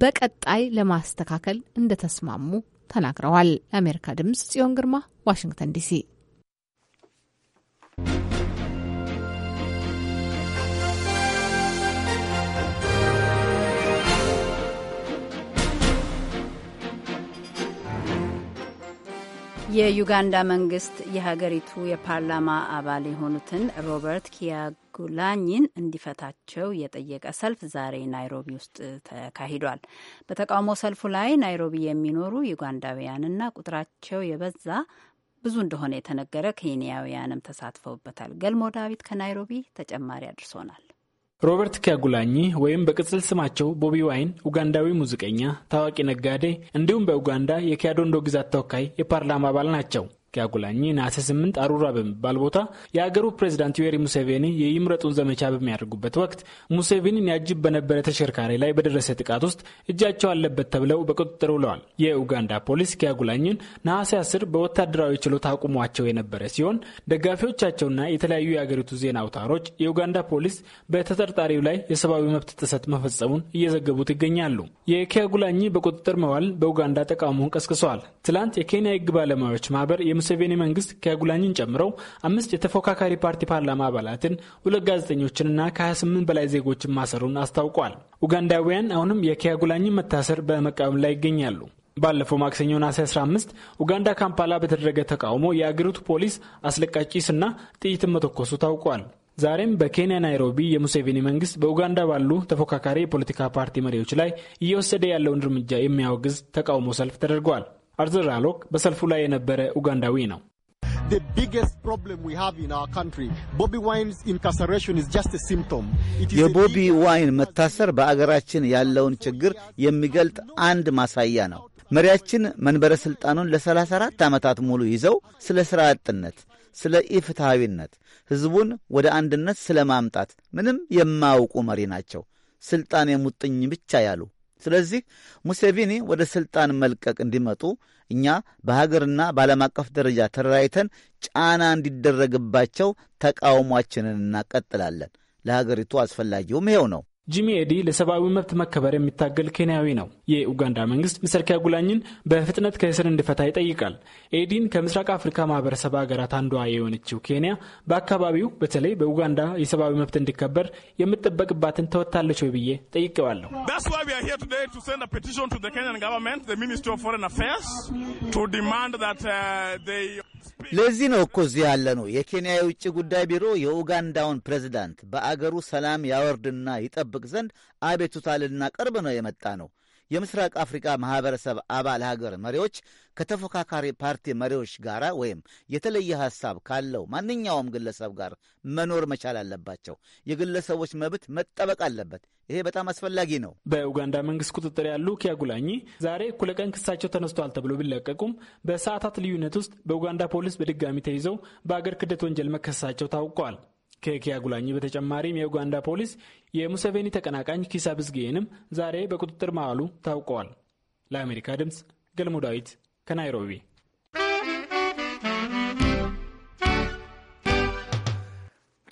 በቀጣይ ለማስተካከል እንደተስማሙ ተናግረዋል። ለአሜሪካ ድምጽ ጽዮን ግርማ ዋሽንግተን ዲሲ የዩጋንዳ መንግስት የሀገሪቱ የፓርላማ አባል የሆኑትን ሮበርት ኪያጉላኝን እንዲፈታቸው የጠየቀ ሰልፍ ዛሬ ናይሮቢ ውስጥ ተካሂዷል። በተቃውሞ ሰልፉ ላይ ናይሮቢ የሚኖሩ ዩጋንዳውያንና ቁጥራቸው የበዛ ብዙ እንደሆነ የተነገረ ኬንያውያንም ተሳትፈውበታል። ገልሞ ዳዊት ከናይሮቢ ተጨማሪ አድርሶናል። ሮበርት ኪያጉላኚ ወይም በቅጽል ስማቸው ቦቢ ዋይን ኡጋንዳዊ ሙዚቀኛ፣ ታዋቂ ነጋዴ እንዲሁም በኡጋንዳ የኪያዶንዶ ግዛት ተወካይ የፓርላማ አባል ናቸው። ኪያጉላኝ ነሐሴ 8 አሩራ በሚባል ቦታ የአገሩ ፕሬዚዳንት ዩዌሪ ሙሴቬኒ የይምረጡን ዘመቻ በሚያደርጉበት ወቅት ሙሴቬኒን ያጅብ በነበረ ተሽከርካሪ ላይ በደረሰ ጥቃት ውስጥ እጃቸው አለበት ተብለው በቁጥጥር ውለዋል። የኡጋንዳ ፖሊስ ኪያጉላኝን ነሐሴ 10 በወታደራዊ ችሎት አቁሟቸው የነበረ ሲሆን ደጋፊዎቻቸውና የተለያዩ የአገሪቱ ዜና አውታሮች የኡጋንዳ ፖሊስ በተጠርጣሪው ላይ የሰብአዊ መብት ጥሰት መፈጸሙን እየዘገቡት ይገኛሉ። የኪያጉላኝ በቁጥጥር መዋል በኡጋንዳ ተቃውሞን ቀስቅሰዋል። ትላንት የኬንያ ሕግ ባለሙያዎች ማህበር የሙሴቬኒ መንግስት ከጉላኝን ጨምሮ አምስት የተፎካካሪ ፓርቲ ፓርላማ አባላትን፣ ሁለት ጋዜጠኞችንና ከ28 በላይ ዜጎችን ማሰሩን አስታውቋል። ኡጋንዳውያን አሁንም የኪያጉላኝን መታሰር በመቃወም ላይ ይገኛሉ። ባለፈው ማክሰኞ ነሐሴ 15 ኡጋንዳ ካምፓላ በተደረገ ተቃውሞ የአገሪቱ ፖሊስ አስለቃሽ ጭስና ጥይትን መተኮሱ ታውቋል። ዛሬም በኬንያ ናይሮቢ የሙሴቬኒ መንግስት በኡጋንዳ ባሉ ተፎካካሪ የፖለቲካ ፓርቲ መሪዎች ላይ እየወሰደ ያለውን እርምጃ የሚያወግዝ ተቃውሞ ሰልፍ ተደርጓል። አርዘራሎክ በሰልፉ ላይ የነበረ ኡጋንዳዊ ነው። The biggest problem we have in our country, Bobby Wine's incarceration is just a symptom. የቦቢ ዋይን መታሰር በአገራችን ያለውን ችግር የሚገልጥ አንድ ማሳያ ነው። መሪያችን መንበረ ሥልጣኑን ለ34 ዓመታት ሙሉ ይዘው ስለ ሥራ አጥነት፣ ስለ ኢፍትሐዊነት፣ ሕዝቡን ወደ አንድነት ስለ ማምጣት ምንም የማያውቁ መሪ ናቸው። ሥልጣን የሙጥኝ ብቻ ያሉ ስለዚህ ሙሴቪኒ ወደ ሥልጣን መልቀቅ እንዲመጡ እኛ በሀገርና በዓለም አቀፍ ደረጃ ተደራጅተን ጫና እንዲደረግባቸው ተቃውሟችንን እናቀጥላለን። ለሀገሪቱ አስፈላጊውም ይኸው ነው። ጂሚ ኤዲ ለሰብአዊ መብት መከበር የሚታገል ኬንያዊ ነው። የኡጋንዳ መንግስት ሚስተር ኪያጉላኝን በፍጥነት ከእስር እንዲፈታ ይጠይቃል። ኤዲን ከምስራቅ አፍሪካ ማህበረሰብ ሀገራት አንዷ የሆነችው ኬንያ በአካባቢው በተለይ በኡጋንዳ የሰብአዊ መብት እንዲከበር የምጠበቅባትን ተወታለች ወይ ብዬ ጠይቀዋለሁ። ለዚህ ነው እኮ እዚህ ያለ ነው። የኬንያ የውጭ ጉዳይ ቢሮ የኡጋንዳውን ፕሬዚዳንት በአገሩ ሰላም ያወርድና ይጠብቅ ዘንድ አቤቱታ ልናቀርብ ነው የመጣ ነው። የምስራቅ አፍሪካ ማህበረሰብ አባል ሀገር መሪዎች ከተፎካካሪ ፓርቲ መሪዎች ጋር ወይም የተለየ ሐሳብ ካለው ማንኛውም ግለሰብ ጋር መኖር መቻል አለባቸው። የግለሰቦች መብት መጠበቅ አለበት። ይሄ በጣም አስፈላጊ ነው። በኡጋንዳ መንግስት ቁጥጥር ያሉ ኪያጉላኝ ዛሬ እኩለ ቀን ክሳቸው ተነስቷል ተብሎ ቢለቀቁም በሰዓታት ልዩነት ውስጥ በኡጋንዳ ፖሊስ በድጋሚ ተይዘው በአገር ክደት ወንጀል መከሰሳቸው ታውቋል። ጉላኝ በተጨማሪም የኡጋንዳ ፖሊስ የሙሰቬኒ ተቀናቃኝ ኪሳ ብዝጌንም ዛሬ በቁጥጥር ማዋሉ ታውቀዋል። ለአሜሪካ ድምፅ ገልሞ ዳዊት ከናይሮቢ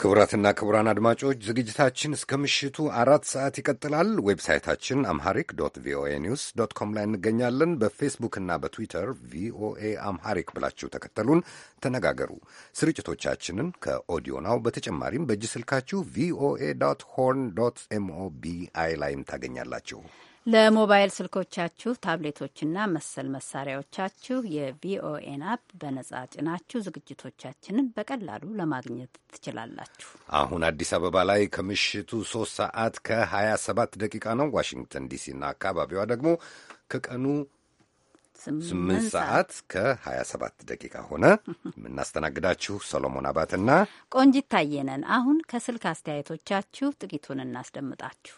ክቡራትና ክቡራን አድማጮች ዝግጅታችን እስከ ምሽቱ አራት ሰዓት ይቀጥላል። ዌብሳይታችን አምሃሪክ ዶት ቪኦኤ ኒውስ ዶት ኮም ላይ እንገኛለን። በፌስቡክና በትዊተር ቪኦኤ አምሃሪክ ብላችሁ ተከተሉን፣ ተነጋገሩ። ስርጭቶቻችንን ከኦዲዮ ናው በተጨማሪም በእጅ ስልካችሁ ቪኦኤ ዶት ሆርን ዶት ኤምኦቢአይ ላይም ታገኛላችሁ። ለሞባይል ስልኮቻችሁ ታብሌቶችና መሰል መሳሪያዎቻችሁ የቪኦኤን አፕ በነጻ ጭናችሁ ዝግጅቶቻችንን በቀላሉ ለማግኘት ትችላላችሁ። አሁን አዲስ አበባ ላይ ከምሽቱ ሶስት ሰዓት ከሀያ ሰባት ደቂቃ ነው። ዋሽንግተን ዲሲና አካባቢዋ ደግሞ ከቀኑ ስምንት ሰዓት ከሀያ ሰባት ደቂቃ ሆነ። የምናስተናግዳችሁ ሰሎሞን አባትና ቆንጂት ታየነን። አሁን ከስልክ አስተያየቶቻችሁ ጥቂቱን እናስደምጣችሁ።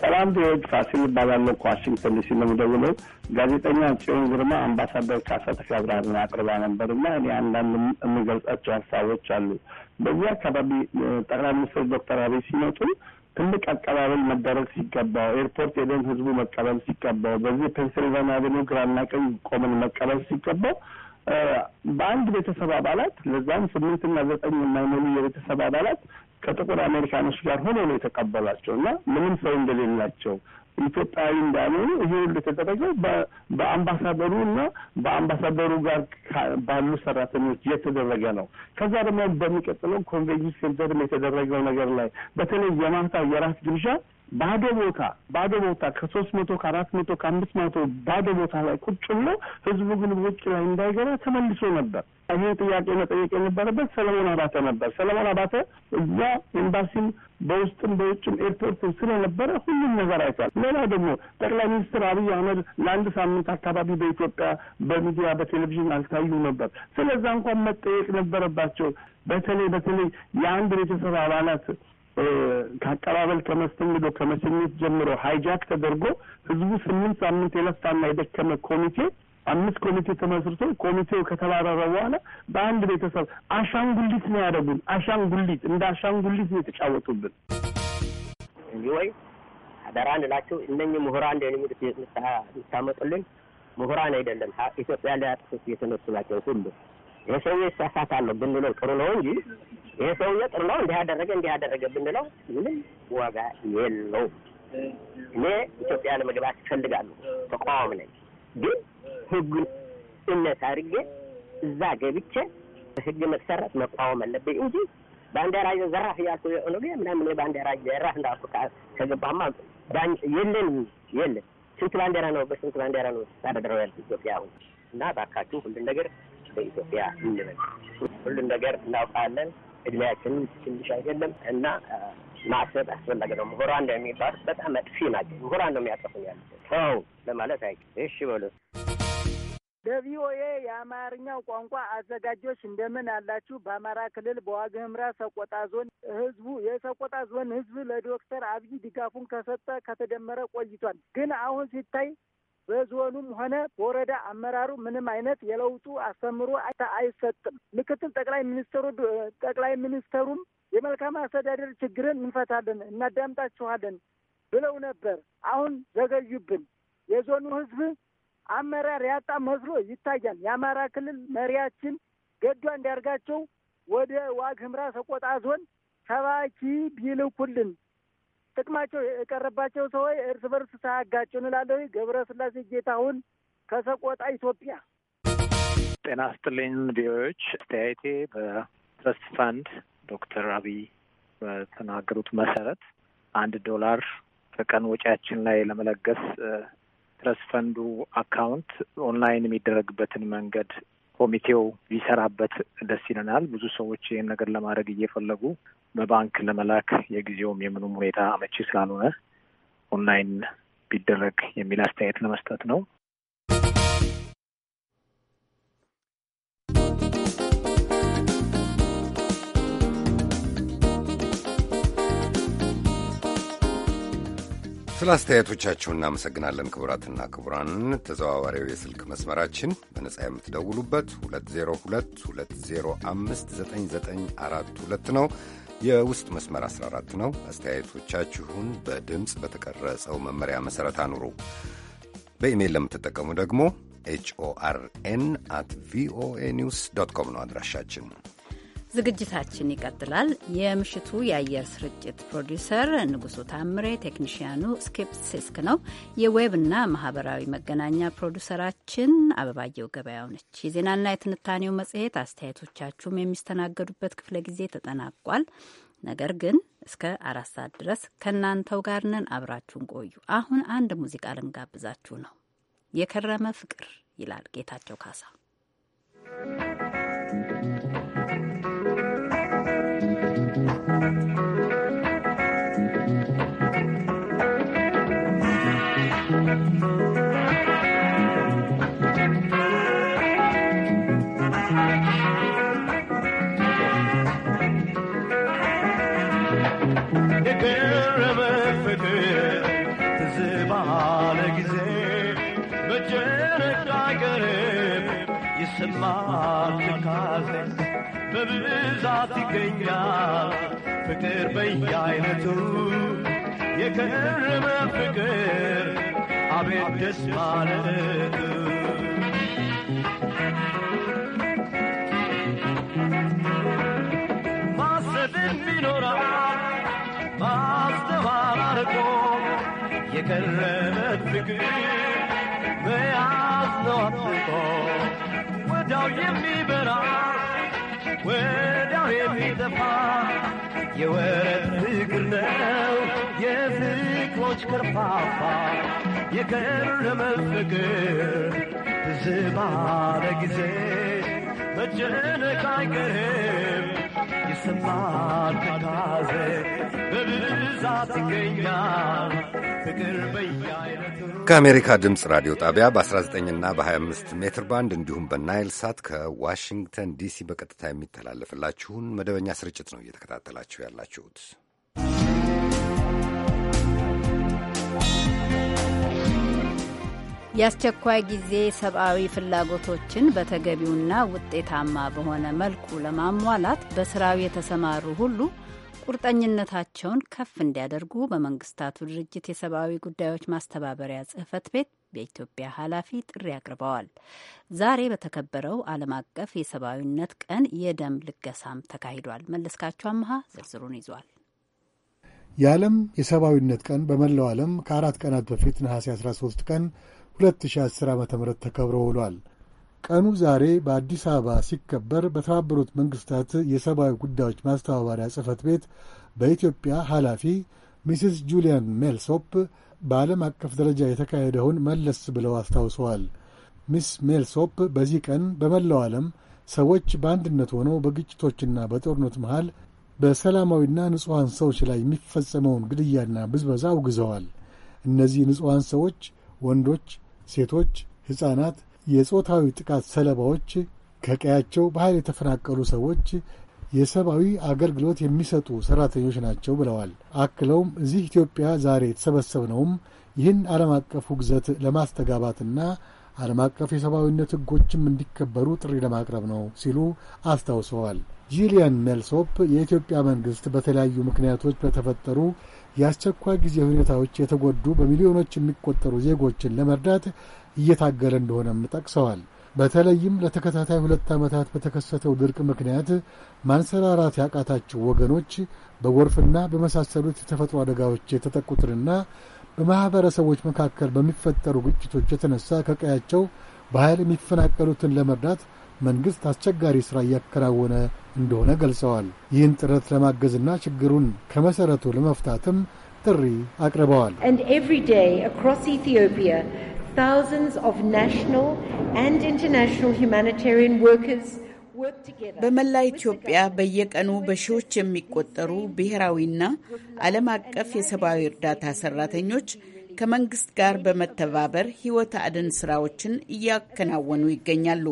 ሰላም ቢዎች ፋሲል እባላለሁ ከዋሽንግተን ዲሲ ነው የምደውለው። ጋዜጠኛ ጽዮን ግርማ አምባሳደር ካሳ ተሻብራን አቅርባ ነበር እና እኔ አንዳንድ የሚገልጻቸው ሀሳቦች አሉ። በዚህ አካባቢ ጠቅላይ ሚኒስትር ዶክተር አብይ ሲመጡ ትልቅ አቀባበል መደረግ ሲገባው ኤርፖርት ሄደን ህዝቡ መቀበል ሲገባው፣ በዚህ ፔንስልቫኒያ አቬኒው ግራና ቀኝ ቆመን መቀበል ሲገባው በአንድ ቤተሰብ አባላት ለዛም ስምንትና ዘጠኝ የማይሞሉ የቤተሰብ አባላት ከጥቁር አሜሪካኖች ጋር ሆኖ ነው የተቀበሏቸው እና ምንም ሰው እንደሌላቸው ኢትዮጵያዊ እንዳልሆኑ ይሄ ሁሉ የተደረገው በአምባሳደሩ እና በአምባሳደሩ ጋር ባሉ ሰራተኞች የተደረገ ነው። ከዛ ደግሞ በሚቀጥለው ኮንቬንሽን ሴንተርም የተደረገው ነገር ላይ በተለይ የማታ የራት ግብዣ ባዶ ቦታ ባዶ ቦታ ከሶስት መቶ ከአራት መቶ ከአምስት መቶ ባዶ ቦታ ላይ ቁጭ ብሎ ህዝቡ ግን ውጭ ላይ እንዳይገባ ተመልሶ ነበር። ይህን ጥያቄ መጠየቅ የነበረበት ሰለሞን አባተ ነበር። ሰለሞን አባተ እዛ ኤምባሲም በውስጥም በውጭም ኤርፖርት ስለነበረ ሁሉም ነገር አይቷል። ሌላ ደግሞ ጠቅላይ ሚኒስትር አብይ አህመድ ለአንድ ሳምንት አካባቢ በኢትዮጵያ በሚዲያ በቴሌቪዥን አልታዩ ነበር። ስለዛ እንኳን መጠየቅ ነበረባቸው። በተለይ በተለይ የአንድ ቤተሰብ አባላት ከአቀባበል ከመስተንግዶ ከመሸኘት ጀምሮ ሀይጃክ ተደርጎ ህዝቡ ስምንት ሳምንት የለፋና የደከመ ኮሚቴ አምስት ኮሚቴ ተመስርቶ ኮሚቴው ከተባረረ በኋላ በአንድ ቤተሰብ አሻንጉሊት ነው ያደጉን። አሻንጉሊት እንደ አሻንጉሊት ነው የተጫወቱብን። እዚህ ወይ አደራ እንላቸው እነኝህ ምሁራን እንደ የሚሉት የምታመጡልን ምሁራን አይደለም ኢትዮጵያ ላይ አጥፎት የተነሱ ናቸው ሁሉ የሰውዬ ይሳሳታለሁ ብንለው ጥሩ ነው እንጂ ይሄ ሰውዬ ጥሩ ነው እንዲያደረገ እንዲያደረገ ብንለው ምንም ዋጋ የለውም። እኔ ኢትዮጵያ ለመግባት እፈልጋለሁ፣ ተቃዋሚ ነኝ። ግን ህጉን እነት አድርጌ እዛ ገብቼ በህግ መሰረት መቃወም አለብኝ እንጂ ባንዲራ ዘራፍ እያልኩ ኦነግ ምናምን ባንዲራ ዘራፍ እንዳልኩ ከገባማ የለን የለን ስንት ባንዲራ ነው በስንት ባንዲራ ነው ታደረው ያልኩ ኢትዮጵያ እና ባካችሁ ሁሉን ነገር በኢትዮጵያ እንበል። ሁሉን ነገር እናውቃለን። እድሜያችንም ትንሽ አይደለም እና ማሰብ አስፈላጊ ነው። ምሁራን የሚባል በጣም መጥፊ ናቸው። ምሁራን ነው የሚያጠፉን ሰው ለማለት አይ እሺ በሉ። ለቪኦኤ የአማርኛው ቋንቋ አዘጋጆች እንደምን አላችሁ? በአማራ ክልል በዋግህምራ ሰቆጣ ዞን ህዝቡ የሰቆጣ ዞን ህዝብ ለዶክተር አብይ ድጋፉን ከሰጠ ከተደመረ ቆይቷል። ግን አሁን ሲታይ በዞኑም ሆነ በወረዳ አመራሩ ምንም አይነት የለውጡ አስተምሮ አይሰጥም። ምክትል ጠቅላይ ሚኒስትሩ ጠቅላይ ሚኒስተሩም የመልካም አስተዳደር ችግርን እንፈታለን እናዳምጣችኋለን ብለው ነበር። አሁን ዘገዩብን። የዞኑ ህዝብ አመራር ያጣ መስሎ ይታያል። የአማራ ክልል መሪያችን ገዱ አንዳርጋቸው ወደ ዋግ ህምራ ሰቆጣ ዞን ሰባኪ ቢልኩልን ጥቅማቸው የቀረባቸው ሰዎች እርስ በርስ ሳያጋጭ እንላለሁ። ገብረ ስላሴ ጌታሁን ከሰቆጣ ኢትዮጵያ። ጤና ስጥልኝ ቪዲዮዎች አስተያየቴ በትረስት ፋንድ ዶክተር አብይ በተናገሩት መሰረት አንድ ዶላር ከቀን ወጪያችን ላይ ለመለገስ ትረስት ፈንዱ አካውንት ኦንላይን የሚደረግበትን መንገድ ኮሚቴው ቢሰራበት ደስ ይለናል። ብዙ ሰዎች ይህን ነገር ለማድረግ እየፈለጉ በባንክ ለመላክ የጊዜውም የምኑም ሁኔታ አመቺ ስላልሆነ ኦንላይን ቢደረግ የሚል አስተያየት ለመስጠት ነው። ስለ አስተያየቶቻችሁ እናመሰግናለን። ክቡራትና ክቡራን፣ ተዘዋዋሪው የስልክ መስመራችን በነጻ የምትደውሉበት 2022059942 ነው። የውስጥ መስመር 14 ነው። አስተያየቶቻችሁን በድምፅ በተቀረጸው መመሪያ መሠረት አኑሩ። በኢሜይል ለምትጠቀሙ ደግሞ ኤችኦአርኤን አት ቪኦኤ ኒውስ ዶት ኮም ነው አድራሻችን። ዝግጅታችን ይቀጥላል። የምሽቱ የአየር ስርጭት ፕሮዲውሰር ንጉሱ ታምሬ፣ ቴክኒሽያኑ ስኬፕ ሲስክ ነው። የዌብና ማህበራዊ መገናኛ ፕሮዲውሰራችን አበባየው ገበያው ነች። የዜናና የትንታኔው መጽሔት አስተያየቶቻችሁም የሚስተናገዱበት ክፍለ ጊዜ ተጠናቋል። ነገር ግን እስከ አራት ሰዓት ድረስ ከእናንተው ጋር ነን። አብራችሁን ቆዩ። አሁን አንድ ሙዚቃ ልንጋብዛችሁ ነው። የከረመ ፍቅር ይላል ጌታቸው ካሳ ፍቅር በየአይነቱ የከረመ ፍቅር አቤት ደስ ማለቱ ማሰብም ይኖራል ማስተባባርቆ የከረመ ፍቅር መያዝ ነው አጥቆ ወዳው የሚበራ የሚጠፋ የወረት ፍቅር ነው የፍቅሮች ከርፋፋ የገረመ ፍቅር ትዝ ባለ ጊዜ መጨነቅ በብዛት ይገኛል ፍቅር ከአሜሪካ ድምፅ ራዲዮ ጣቢያ በ19ና በ25 ሜትር ባንድ እንዲሁም በናይል ሳት ከዋሽንግተን ዲሲ በቀጥታ የሚተላለፍላችሁን መደበኛ ስርጭት ነው እየተከታተላችሁ ያላችሁት። የአስቸኳይ ጊዜ ሰብአዊ ፍላጎቶችን በተገቢውና ውጤታማ በሆነ መልኩ ለማሟላት በስራው የተሰማሩ ሁሉ ቁርጠኝነታቸውን ከፍ እንዲያደርጉ በመንግስታቱ ድርጅት የሰብአዊ ጉዳዮች ማስተባበሪያ ጽህፈት ቤት በኢትዮጵያ ኃላፊ ጥሪ አቅርበዋል። ዛሬ በተከበረው ዓለም አቀፍ የሰብአዊነት ቀን የደም ልገሳም ተካሂዷል። መለስካቸው አመሃ ዝርዝሩን ይዟል። የዓለም የሰብአዊነት ቀን በመላው ዓለም ከአራት ቀናት በፊት ነሐሴ 13 ቀን 2010 ዓ ም ተከብሮ ውሏል። ቀኑ ዛሬ በአዲስ አበባ ሲከበር በተባበሩት መንግሥታት የሰብአዊ ጉዳዮች ማስተባበሪያ ጽህፈት ቤት በኢትዮጵያ ኃላፊ ሚስስ ጁሊያን ሜልሶፕ በዓለም አቀፍ ደረጃ የተካሄደውን መለስ ብለው አስታውሰዋል። ሚስ ሜልሶፕ በዚህ ቀን በመላው ዓለም ሰዎች በአንድነት ሆነው በግጭቶችና በጦርነት መሃል በሰላማዊና ንጹሐን ሰዎች ላይ የሚፈጸመውን ግድያና ብዝበዛ አውግዘዋል። እነዚህ ንጹሐን ሰዎች ወንዶች፣ ሴቶች፣ ሕፃናት፣ የጾታዊ ጥቃት ሰለባዎች፣ ከቀያቸው በኃይል የተፈናቀሉ ሰዎች፣ የሰብአዊ አገልግሎት የሚሰጡ ሠራተኞች ናቸው ብለዋል። አክለውም እዚህ ኢትዮጵያ ዛሬ የተሰበሰብነውም ይህን ዓለም አቀፍ ውግዘት ለማስተጋባትና ዓለም አቀፍ የሰብአዊነት ሕጎችም እንዲከበሩ ጥሪ ለማቅረብ ነው ሲሉ አስታውሰዋል። ጂሊያን ሜልሶፕ የኢትዮጵያ መንግሥት በተለያዩ ምክንያቶች በተፈጠሩ የአስቸኳይ ጊዜ ሁኔታዎች የተጎዱ በሚሊዮኖች የሚቆጠሩ ዜጎችን ለመርዳት እየታገለ እንደሆነም ጠቅሰዋል። በተለይም ለተከታታይ ሁለት ዓመታት በተከሰተው ድርቅ ምክንያት ማንሰራራት ያቃታቸው ወገኖች በጎርፍና በመሳሰሉት የተፈጥሮ አደጋዎች የተጠቁትንና በማኅበረሰቦች መካከል በሚፈጠሩ ግጭቶች የተነሳ ከቀያቸው በኃይል የሚፈናቀሉትን ለመርዳት መንግሥት አስቸጋሪ ሥራ እያከናወነ እንደሆነ ገልጸዋል። ይህን ጥረት ለማገዝና ችግሩን ከመሠረቱ ለመፍታትም ጥሪ አቅርበዋል። በመላ ኢትዮጵያ በየቀኑ በሺዎች የሚቆጠሩ ብሔራዊና ዓለም አቀፍ የሰብአዊ እርዳታ ሰራተኞች ከመንግስት ጋር በመተባበር ሕይወት አድን ስራዎችን እያከናወኑ ይገኛሉ።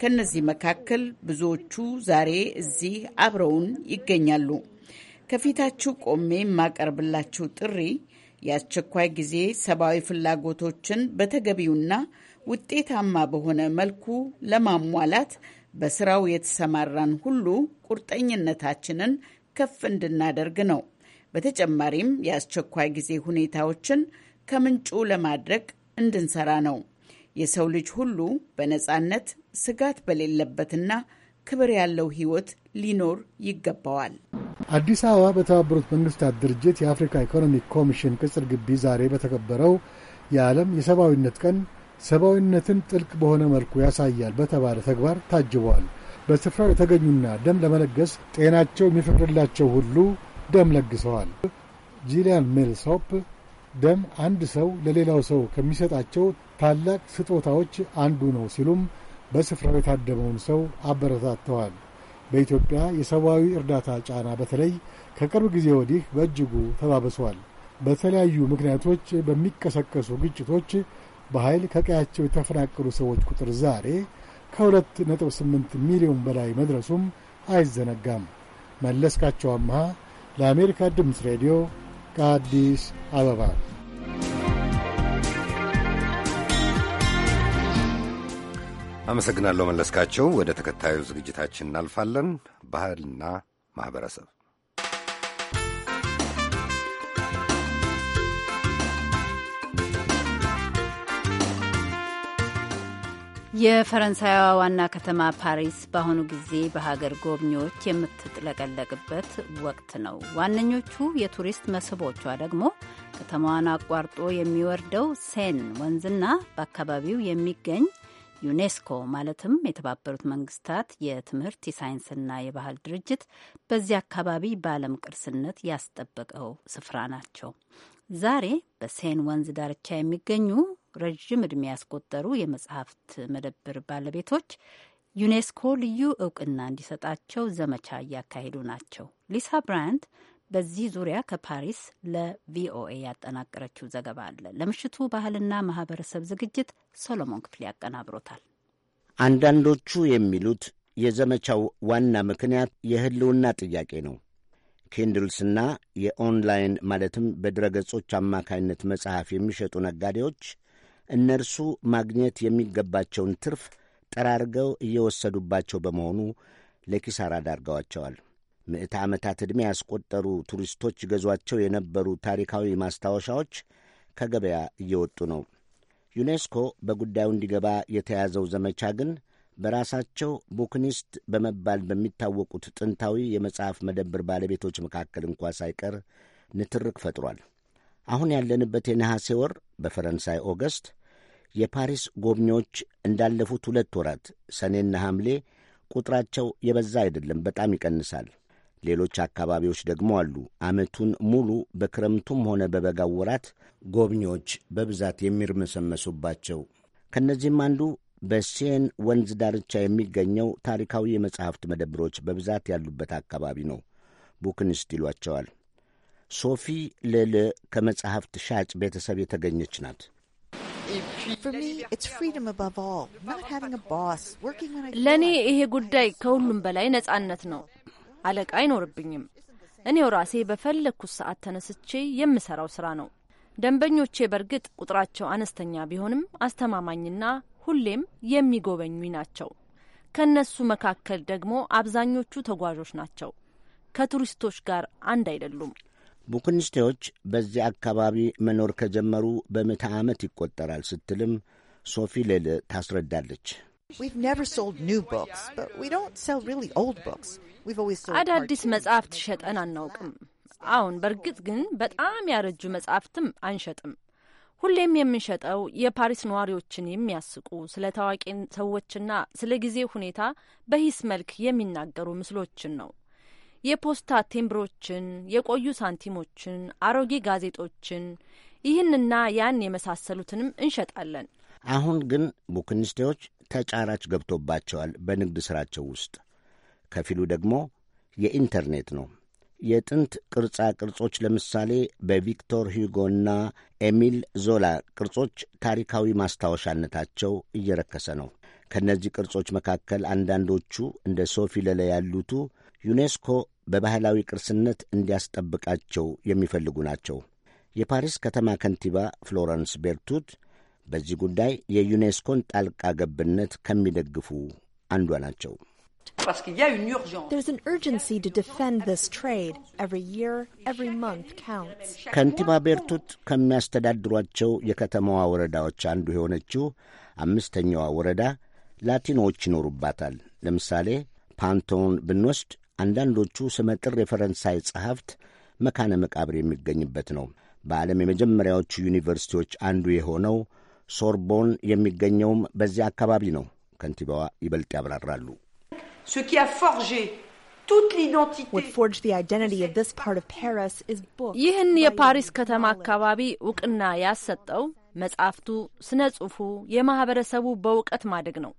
ከነዚህ መካከል ብዙዎቹ ዛሬ እዚህ አብረውን ይገኛሉ። ከፊታችሁ ቆሜ የማቀርብላችሁ ጥሪ የአስቸኳይ ጊዜ ሰብአዊ ፍላጎቶችን በተገቢውና ውጤታማ በሆነ መልኩ ለማሟላት በስራው የተሰማራን ሁሉ ቁርጠኝነታችንን ከፍ እንድናደርግ ነው። በተጨማሪም የአስቸኳይ ጊዜ ሁኔታዎችን ከምንጩ ለማድረግ እንድንሰራ ነው። የሰው ልጅ ሁሉ በነጻነት ስጋት በሌለበትና ክብር ያለው ሕይወት ሊኖር ይገባዋል። አዲስ አበባ በተባበሩት መንግስታት ድርጅት የአፍሪካ ኢኮኖሚክ ኮሚሽን ቅጽር ግቢ ዛሬ በተከበረው የዓለም የሰብአዊነት ቀን ሰብአዊነትን ጥልቅ በሆነ መልኩ ያሳያል በተባለ ተግባር ታጅበዋል። በስፍራው የተገኙና ደም ለመለገስ ጤናቸው የሚፈቅድላቸው ሁሉ ደም ለግሰዋል። ጂሊያን ሜልሶፕ ደም አንድ ሰው ለሌላው ሰው ከሚሰጣቸው ታላቅ ስጦታዎች አንዱ ነው ሲሉም በስፍራው የታደመውን ሰው አበረታተዋል። በኢትዮጵያ የሰብአዊ እርዳታ ጫና በተለይ ከቅርብ ጊዜ ወዲህ በእጅጉ ተባብሷል። በተለያዩ ምክንያቶች በሚቀሰቀሱ ግጭቶች በኃይል ከቀያቸው የተፈናቀሉ ሰዎች ቁጥር ዛሬ ከ 28 ሚሊዮን በላይ መድረሱም አይዘነጋም። መለስካቸው አምሃ ለአሜሪካ ድምፅ ሬዲዮ ከአዲስ አበባ። አመሰግናለሁ መለስካቸው። ወደ ተከታዩ ዝግጅታችን እናልፋለን። ባህልና ማኅበረሰብ የፈረንሳይዋ ዋና ከተማ ፓሪስ በአሁኑ ጊዜ በሀገር ጎብኚዎች የምትጥለቀለቅበት ወቅት ነው። ዋነኞቹ የቱሪስት መስህቦቿ ደግሞ ከተማዋን አቋርጦ የሚወርደው ሴን ወንዝና በአካባቢው የሚገኝ ዩኔስኮ ማለትም የተባበሩት መንግስታት የትምህርት የሳይንስና የባህል ድርጅት በዚህ አካባቢ በዓለም ቅርስነት ያስጠበቀው ስፍራ ናቸው። ዛሬ በሴን ወንዝ ዳርቻ የሚገኙ ረዥም ዕድሜ ያስቆጠሩ የመጽሐፍት መደብር ባለቤቶች ዩኔስኮ ልዩ እውቅና እንዲሰጣቸው ዘመቻ እያካሄዱ ናቸው። ሊሳ ብራያንት በዚህ ዙሪያ ከፓሪስ ለቪኦኤ ያጠናቀረችው ዘገባ አለ። ለምሽቱ ባህልና ማህበረሰብ ዝግጅት ሶሎሞን ክፍሌ ያቀናብሮታል። አንዳንዶቹ የሚሉት የዘመቻው ዋና ምክንያት የህልውና ጥያቄ ነው። ኪንድልስና የኦንላይን ማለትም በድረ ገጾች አማካይነት መጽሐፍ የሚሸጡ ነጋዴዎች እነርሱ ማግኘት የሚገባቸውን ትርፍ ጠራርገው እየወሰዱባቸው በመሆኑ ለኪሳራ ዳርገዋቸዋል። ምዕተ ዓመታት ዕድሜ ያስቆጠሩ ቱሪስቶች ይገዟቸው የነበሩ ታሪካዊ ማስታወሻዎች ከገበያ እየወጡ ነው። ዩኔስኮ በጉዳዩ እንዲገባ የተያዘው ዘመቻ ግን በራሳቸው ቡክኒስት በመባል በሚታወቁት ጥንታዊ የመጽሐፍ መደብር ባለቤቶች መካከል እንኳ ሳይቀር ንትርክ ፈጥሯል። አሁን ያለንበት የነሐሴ ወር በፈረንሳይ ኦገስት የፓሪስ ጎብኚዎች እንዳለፉት ሁለት ወራት ሰኔና ሐምሌ ቁጥራቸው የበዛ አይደለም፣ በጣም ይቀንሳል። ሌሎች አካባቢዎች ደግሞ አሉ ዓመቱን ሙሉ በክረምቱም ሆነ በበጋው ወራት ጎብኚዎች በብዛት የሚርመሰመሱባቸው። ከእነዚህም አንዱ በሴን ወንዝ ዳርቻ የሚገኘው ታሪካዊ የመጻሕፍት መደብሮች በብዛት ያሉበት አካባቢ ነው። ቡክንስት ይሏቸዋል። ሶፊ ሌለ ከመጽሐፍት ሻጭ ቤተሰብ የተገኘች ናት። ለእኔ ይሄ ጉዳይ ከሁሉም በላይ ነጻነት ነው። አለቃ አይኖርብኝም። እኔው ራሴ በፈለግኩት ሰዓት ተነስቼ የምሰራው ስራ ነው። ደንበኞቼ በእርግጥ ቁጥራቸው አነስተኛ ቢሆንም አስተማማኝና ሁሌም የሚጎበኙኝ ናቸው። ከእነሱ መካከል ደግሞ አብዛኞቹ ተጓዦች ናቸው። ከቱሪስቶች ጋር አንድ አይደሉም። ቡክንስቴዎች በዚህ አካባቢ መኖር ከጀመሩ በምዕተ ዓመት ይቆጠራል ስትልም ሶፊ ሌል ታስረዳለች። አዳዲስ መጽሐፍት ሸጠን አናውቅም። አሁን በእርግጥ ግን በጣም ያረጁ መጽሐፍትም አንሸጥም። ሁሌም የምንሸጠው የፓሪስ ነዋሪዎችን የሚያስቁ ስለ ታዋቂ ሰዎችና ስለ ጊዜ ሁኔታ በሂስ መልክ የሚናገሩ ምስሎችን ነው። የፖስታ ቴምብሮችን፣ የቆዩ ሳንቲሞችን፣ አሮጌ ጋዜጦችን ይህንና ያን የመሳሰሉትንም እንሸጣለን። አሁን ግን ቡክንስቴዎች ተጫራች ገብቶባቸዋል በንግድ ሥራቸው ውስጥ። ከፊሉ ደግሞ የኢንተርኔት ነው። የጥንት ቅርጻ ቅርጾች ለምሳሌ በቪክቶር ሂጎና ኤሚል ዞላ ቅርጾች ታሪካዊ ማስታወሻነታቸው እየረከሰ ነው። ከእነዚህ ቅርጾች መካከል አንዳንዶቹ እንደ ሶፊ ለለ ያሉቱ ዩኔስኮ በባህላዊ ቅርስነት እንዲያስጠብቃቸው የሚፈልጉ ናቸው። የፓሪስ ከተማ ከንቲባ ፍሎረንስ ቤርቱት በዚህ ጉዳይ የዩኔስኮን ጣልቃ ገብነት ከሚደግፉ አንዷ ናቸው። ከንቲባ ቤርቱት ከሚያስተዳድሯቸው የከተማዋ ወረዳዎች አንዱ የሆነችው አምስተኛዋ ወረዳ ላቲኖዎች ይኖሩባታል። ለምሳሌ ፓንቶን ብንወስድ አንዳንዶቹ ስመጥር የፈረንሳይ ጸሐፍት መካነ መቃብር የሚገኝበት ነው። በዓለም የመጀመሪያዎቹ ዩኒቨርሲቲዎች አንዱ የሆነው ሶርቦን የሚገኘውም በዚያ አካባቢ ነው። ከንቲባዋ ይበልጥ ያብራራሉ። ይህን የፓሪስ ከተማ አካባቢ እውቅና ያሰጠው መጽሐፍቱ፣ ስነ ጽሑፉ፣ የማኅበረሰቡ በእውቀት ማደግ ነው።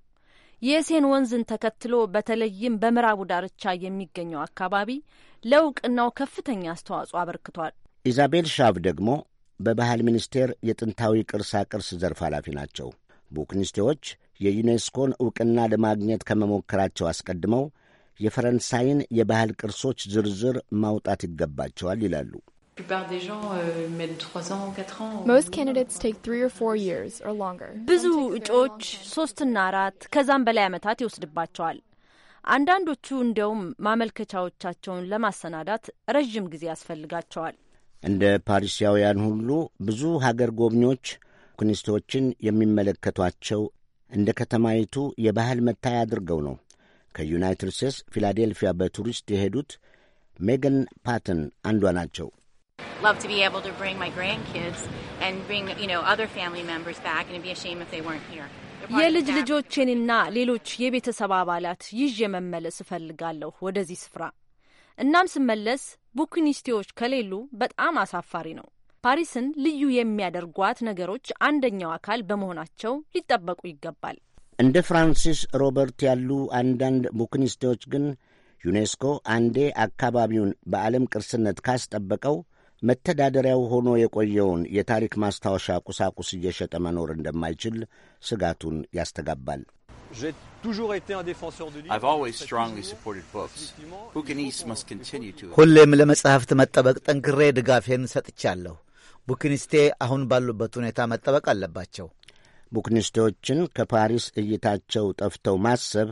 የሴን ወንዝን ተከትሎ በተለይም በምዕራቡ ዳርቻ የሚገኘው አካባቢ ለእውቅናው ከፍተኛ አስተዋጽኦ አበርክቷል። ኢዛቤል ሻቭ ደግሞ በባህል ሚኒስቴር የጥንታዊ ቅርሳ ቅርስ ዘርፍ ኃላፊ ናቸው። ቡክኒስቴዎች የዩኔስኮን ዕውቅና ለማግኘት ከመሞከራቸው አስቀድመው የፈረንሳይን የባህል ቅርሶች ዝርዝር ማውጣት ይገባቸዋል ይላሉ። Euh, Most candidates take three or four years or longer. ብዙ እጩዎች ሶስትና አራት ከዛም በላይ ዓመታት ይወስድባቸዋል። አንዳንዶቹ እንደውም ማመልከቻዎቻቸውን ለማሰናዳት ረዥም ጊዜ ያስፈልጋቸዋል። እንደ ፓሪሲያውያን ሁሉ ብዙ ሀገር ጎብኚዎች ኩኒስቶችን የሚመለከቷቸው እንደ ከተማይቱ የባህል መታያ አድርገው ነው። ከዩናይትድ ስቴትስ ፊላዴልፊያ በቱሪስት የሄዱት ሜገን ፓተን አንዷ ናቸው። Love to be able to bring my grandkids and bring, you know, other family members back and it'd be a shame if they weren't here. የልጅ ልጆቼንና ሌሎች የቤተሰብ አባላት ይዤ መመለስ እፈልጋለሁ ወደዚህ ስፍራ። እናም ስመለስ ቡኪኒስቴዎች ከሌሉ በጣም አሳፋሪ ነው። ፓሪስን ልዩ የሚያደርጓት ነገሮች አንደኛው አካል በመሆናቸው ሊጠበቁ ይገባል። እንደ ፍራንሲስ ሮበርት ያሉ አንዳንድ ቡኪኒስቴዎች ግን ዩኔስኮ አንዴ አካባቢውን በዓለም ቅርስነት ካስጠበቀው መተዳደሪያው ሆኖ የቆየውን የታሪክ ማስታወሻ ቁሳቁስ እየሸጠ መኖር እንደማይችል ስጋቱን ያስተጋባል። ሁሌም ለመጽሐፍት መጠበቅ ጠንክሬ ድጋፌን ሰጥቻለሁ። ቡክኒስቴ አሁን ባሉበት ሁኔታ መጠበቅ አለባቸው። ቡክኒስቴዎችን ከፓሪስ እይታቸው ጠፍተው ማሰብ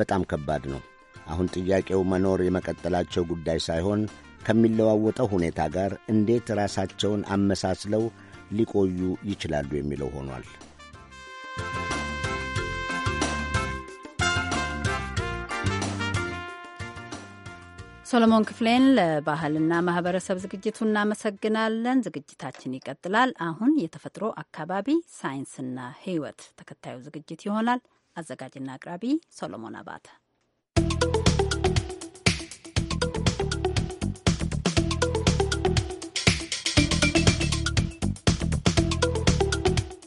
በጣም ከባድ ነው። አሁን ጥያቄው መኖር የመቀጠላቸው ጉዳይ ሳይሆን ከሚለዋወጠው ሁኔታ ጋር እንዴት ራሳቸውን አመሳስለው ሊቆዩ ይችላሉ የሚለው ሆኗል። ሶሎሞን ክፍሌን ለባህልና ማህበረሰብ ዝግጅቱ እናመሰግናለን። ዝግጅታችን ይቀጥላል። አሁን የተፈጥሮ አካባቢ ሳይንስና ሕይወት ተከታዩ ዝግጅት ይሆናል። አዘጋጅና አቅራቢ ሶሎሞን አባተ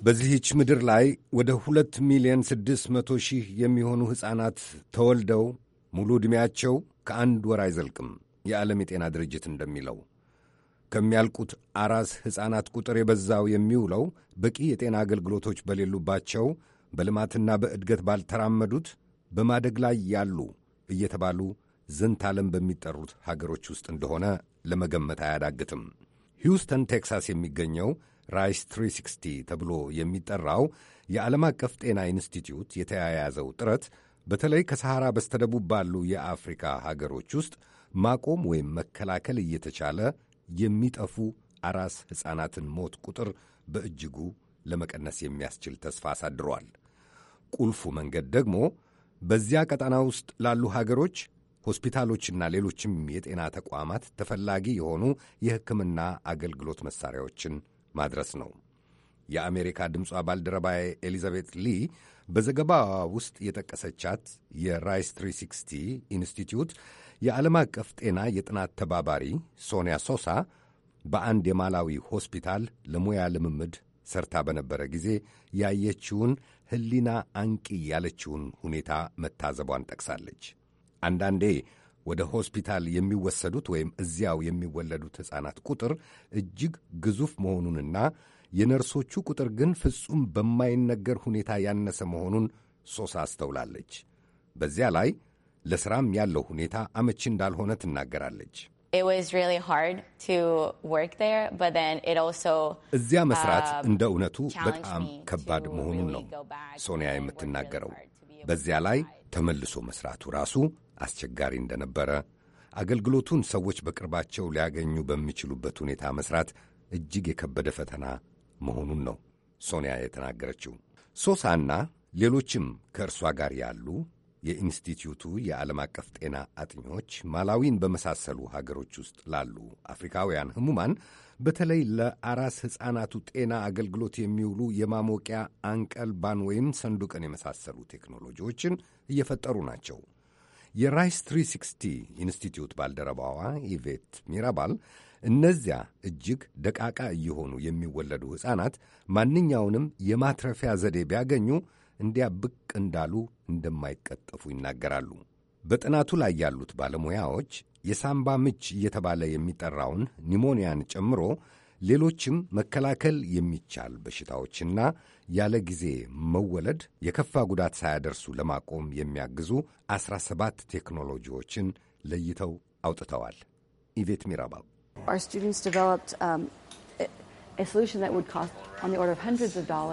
በዚህች ምድር ላይ ወደ ሁለት ሚሊዮን ስድስት መቶ ሺህ የሚሆኑ ሕፃናት ተወልደው ሙሉ ዕድሜያቸው ከአንድ ወር አይዘልቅም። የዓለም የጤና ድርጅት እንደሚለው ከሚያልቁት አራስ ሕፃናት ቁጥር የበዛው የሚውለው በቂ የጤና አገልግሎቶች በሌሉባቸው በልማትና በእድገት ባልተራመዱት በማደግ ላይ ያሉ እየተባሉ ዓለም በሚጠሩት ሀገሮች ውስጥ እንደሆነ ለመገመት አያዳግትም። ሂውስተን ቴክሳስ የሚገኘው ራይስ 360 ተብሎ የሚጠራው የዓለም አቀፍ ጤና ኢንስቲትዩት የተያያዘው ጥረት በተለይ ከሰሐራ በስተደቡብ ባሉ የአፍሪካ ሀገሮች ውስጥ ማቆም ወይም መከላከል እየተቻለ የሚጠፉ አራስ ሕፃናትን ሞት ቁጥር በእጅጉ ለመቀነስ የሚያስችል ተስፋ አሳድሯል። ቁልፉ መንገድ ደግሞ በዚያ ቀጠና ውስጥ ላሉ ሀገሮች ሆስፒታሎችና ሌሎችም የጤና ተቋማት ተፈላጊ የሆኑ የሕክምና አገልግሎት መሣሪያዎችን ማድረስ ነው። የአሜሪካ ድምጿ ባልደረባ ኤሊዛቤት ሊ በዘገባ ውስጥ የጠቀሰቻት የራይስ 360 ኢንስቲትዩት የዓለም አቀፍ ጤና የጥናት ተባባሪ ሶኒያ ሶሳ በአንድ የማላዊ ሆስፒታል ለሙያ ልምምድ ሰርታ በነበረ ጊዜ ያየችውን ሕሊና አንቂ ያለችውን ሁኔታ መታዘቧን ጠቅሳለች። አንዳንዴ ወደ ሆስፒታል የሚወሰዱት ወይም እዚያው የሚወለዱት ሕፃናት ቁጥር እጅግ ግዙፍ መሆኑንና የነርሶቹ ቁጥር ግን ፍጹም በማይነገር ሁኔታ ያነሰ መሆኑን ሶሳ አስተውላለች። በዚያ ላይ ለሥራም ያለው ሁኔታ አመቺ እንዳልሆነ ትናገራለች። እዚያ መስራት uh, እንደ እውነቱ በጣም ከባድ መሆኑን ነው ሶኒያ የምትናገረው። በዚያ ላይ ተመልሶ መስራቱ ራሱ አስቸጋሪ እንደነበረ፣ አገልግሎቱን ሰዎች በቅርባቸው ሊያገኙ በሚችሉበት ሁኔታ መስራት እጅግ የከበደ ፈተና መሆኑን ነው ሶኒያ የተናገረችው። ሶሳና ሌሎችም ከእርሷ ጋር ያሉ የኢንስቲትዩቱ የዓለም አቀፍ ጤና አጥኚዎች ማላዊን በመሳሰሉ ሀገሮች ውስጥ ላሉ አፍሪካውያን ህሙማን በተለይ ለአራስ ሕፃናቱ ጤና አገልግሎት የሚውሉ የማሞቂያ አንቀልባን ወይም ሰንዱቅን የመሳሰሉ ቴክኖሎጂዎችን እየፈጠሩ ናቸው። የራይስ 360 ኢንስቲትዩት ባልደረባዋ ኢቬት ሚራባል እነዚያ እጅግ ደቃቃ እየሆኑ የሚወለዱ ሕፃናት ማንኛውንም የማትረፊያ ዘዴ ቢያገኙ እንዲያ ብቅ እንዳሉ እንደማይቀጠፉ ይናገራሉ። በጥናቱ ላይ ያሉት ባለሙያዎች የሳምባ ምች እየተባለ የሚጠራውን ኒሞኒያን ጨምሮ ሌሎችም መከላከል የሚቻል በሽታዎችና ያለ ጊዜ መወለድ የከፋ ጉዳት ሳያደርሱ ለማቆም የሚያግዙ 17 ቴክኖሎጂዎችን ለይተው አውጥተዋል። ኢቬት ሚራባብ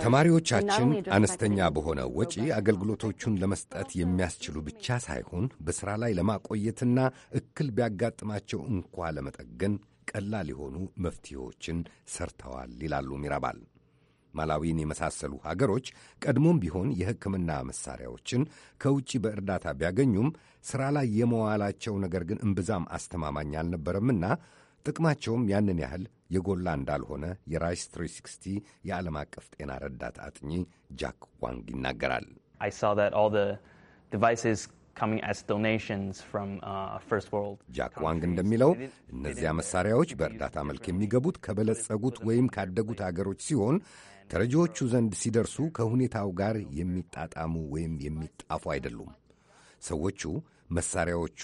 ተማሪዎቻችን አነስተኛ በሆነ ወጪ አገልግሎቶቹን ለመስጠት የሚያስችሉ ብቻ ሳይሆን በሥራ ላይ ለማቆየትና እክል ቢያጋጥማቸው እንኳ ለመጠገን ቀላል የሆኑ መፍትሄዎችን ሰርተዋል ይላሉ ሚራባል። ማላዊን የመሳሰሉ ሀገሮች ቀድሞም ቢሆን የሕክምና መሳሪያዎችን ከውጭ በእርዳታ ቢያገኙም ሥራ ላይ የመዋላቸው ነገር ግን እምብዛም አስተማማኝ አልነበረምና ጥቅማቸውም ያንን ያህል የጎላ እንዳልሆነ የራይስ 360 የዓለም አቀፍ ጤና ረዳት አጥኚ ጃክ ዋንግ ይናገራል። uh, ጃክ ዋንግ እንደሚለው እነዚያ መሳሪያዎች በእርዳታ መልክ የሚገቡት ከበለጸጉት ወይም ካደጉት አገሮች ሲሆን ተረጂዎቹ ዘንድ ሲደርሱ ከሁኔታው ጋር የሚጣጣሙ ወይም የሚጣፉ አይደሉም። ሰዎቹ መሳሪያዎቹ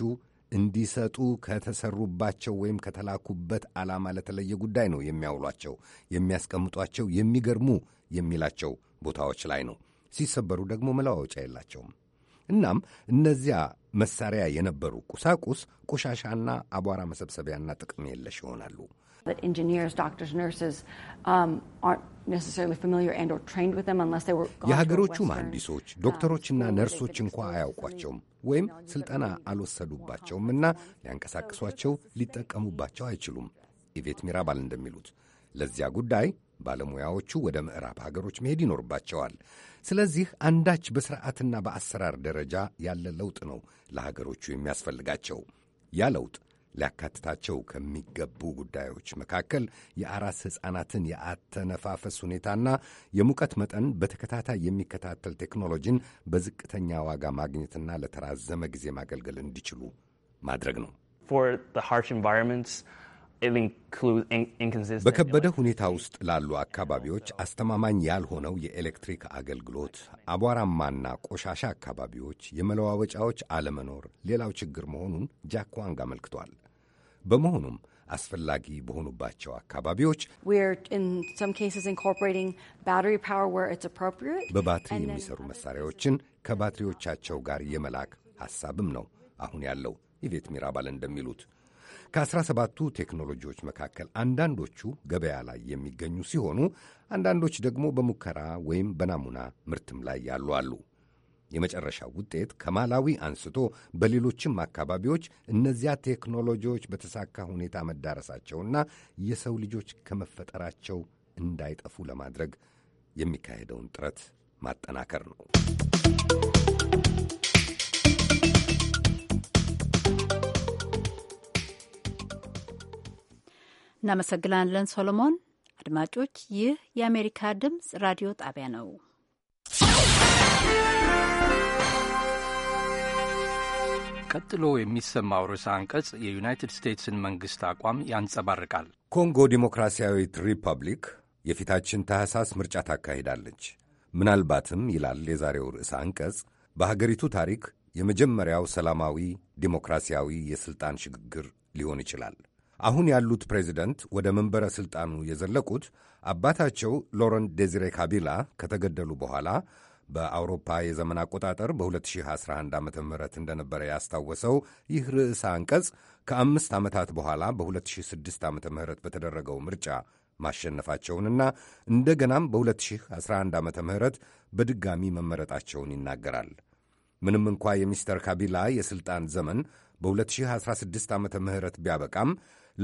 እንዲሰጡ ከተሰሩባቸው ወይም ከተላኩበት ዓላማ ለተለየ ጉዳይ ነው የሚያውሏቸው፣ የሚያስቀምጧቸው የሚገርሙ የሚላቸው ቦታዎች ላይ ነው። ሲሰበሩ ደግሞ መለዋወጫ የላቸውም። እናም እነዚያ መሳሪያ የነበሩ ቁሳቁስ ቆሻሻና አቧራ መሰብሰቢያና ጥቅም የለሽ ይሆናሉ። um, የሀገሮቹ መሐንዲሶች um, ዶክተሮችና ነርሶች እንኳ አያውቋቸውም። ወይም አልወሰዱባቸውም አልወሰዱባቸውምና ሊያንቀሳቅሷቸው፣ ሊጠቀሙባቸው አይችሉም። ኢቬት ሚራባል እንደሚሉት ለዚያ ጉዳይ ባለሙያዎቹ ወደ ምዕራብ ሀገሮች መሄድ ይኖርባቸዋል። ስለዚህ አንዳች በሥርዓትና በአሰራር ደረጃ ያለ ለውጥ ነው ለሀገሮቹ የሚያስፈልጋቸው። ያ ለውጥ ሊያካትታቸው ከሚገቡ ጉዳዮች መካከል የአራስ ሕፃናትን የአተነፋፈስ ሁኔታና የሙቀት መጠን በተከታታይ የሚከታተል ቴክኖሎጂን በዝቅተኛ ዋጋ ማግኘትና ለተራዘመ ጊዜ ማገልገል እንዲችሉ ማድረግ ነው። በከበደ ሁኔታ ውስጥ ላሉ አካባቢዎች አስተማማኝ ያልሆነው የኤሌክትሪክ አገልግሎት፣ አቧራማና ቆሻሻ አካባቢዎች፣ የመለዋወጫዎች አለመኖር ሌላው ችግር መሆኑን ጃክ ዋንግ አመልክቷል። በመሆኑም አስፈላጊ በሆኑባቸው አካባቢዎች በባትሪ የሚሰሩ መሳሪያዎችን ከባትሪዎቻቸው ጋር የመላክ ሐሳብም ነው አሁን ያለው። ኢቬት ሚራባል እንደሚሉት ከአስራ ሰባቱ ቴክኖሎጂዎች መካከል አንዳንዶቹ ገበያ ላይ የሚገኙ ሲሆኑ አንዳንዶች ደግሞ በሙከራ ወይም በናሙና ምርትም ላይ ያሉ አሉ። የመጨረሻው ውጤት ከማላዊ አንስቶ በሌሎችም አካባቢዎች እነዚያ ቴክኖሎጂዎች በተሳካ ሁኔታ መዳረሳቸውና የሰው ልጆች ከመፈጠራቸው እንዳይጠፉ ለማድረግ የሚካሄደውን ጥረት ማጠናከር ነው። እናመሰግናለን ሶሎሞን። አድማጮች፣ ይህ የአሜሪካ ድምፅ ራዲዮ ጣቢያ ነው። ቀጥሎ የሚሰማው ርዕሰ አንቀጽ የዩናይትድ ስቴትስን መንግሥት አቋም ያንጸባርቃል። ኮንጎ ዲሞክራሲያዊት ሪፐብሊክ የፊታችን ታህሳስ ምርጫ ታካሂዳለች። ምናልባትም ይላል የዛሬው ርዕሰ አንቀጽ በሀገሪቱ ታሪክ የመጀመሪያው ሰላማዊ ዲሞክራሲያዊ የሥልጣን ሽግግር ሊሆን ይችላል። አሁን ያሉት ፕሬዚደንት ወደ መንበረ ሥልጣኑ የዘለቁት አባታቸው ሎረን ዴዚሬ ካቢላ ከተገደሉ በኋላ በአውሮፓ የዘመን አቆጣጠር በ2011 ዓ ም እንደነበረ ያስታወሰው ይህ ርዕሰ አንቀጽ ከአምስት ዓመታት በኋላ በ2006 ዓ ም በተደረገው ምርጫ ማሸነፋቸውንና እንደገናም በ2011 ዓ ም በድጋሚ መመረጣቸውን ይናገራል። ምንም እንኳ የሚስተር ካቢላ የሥልጣን ዘመን በ2016 ዓ ም ቢያበቃም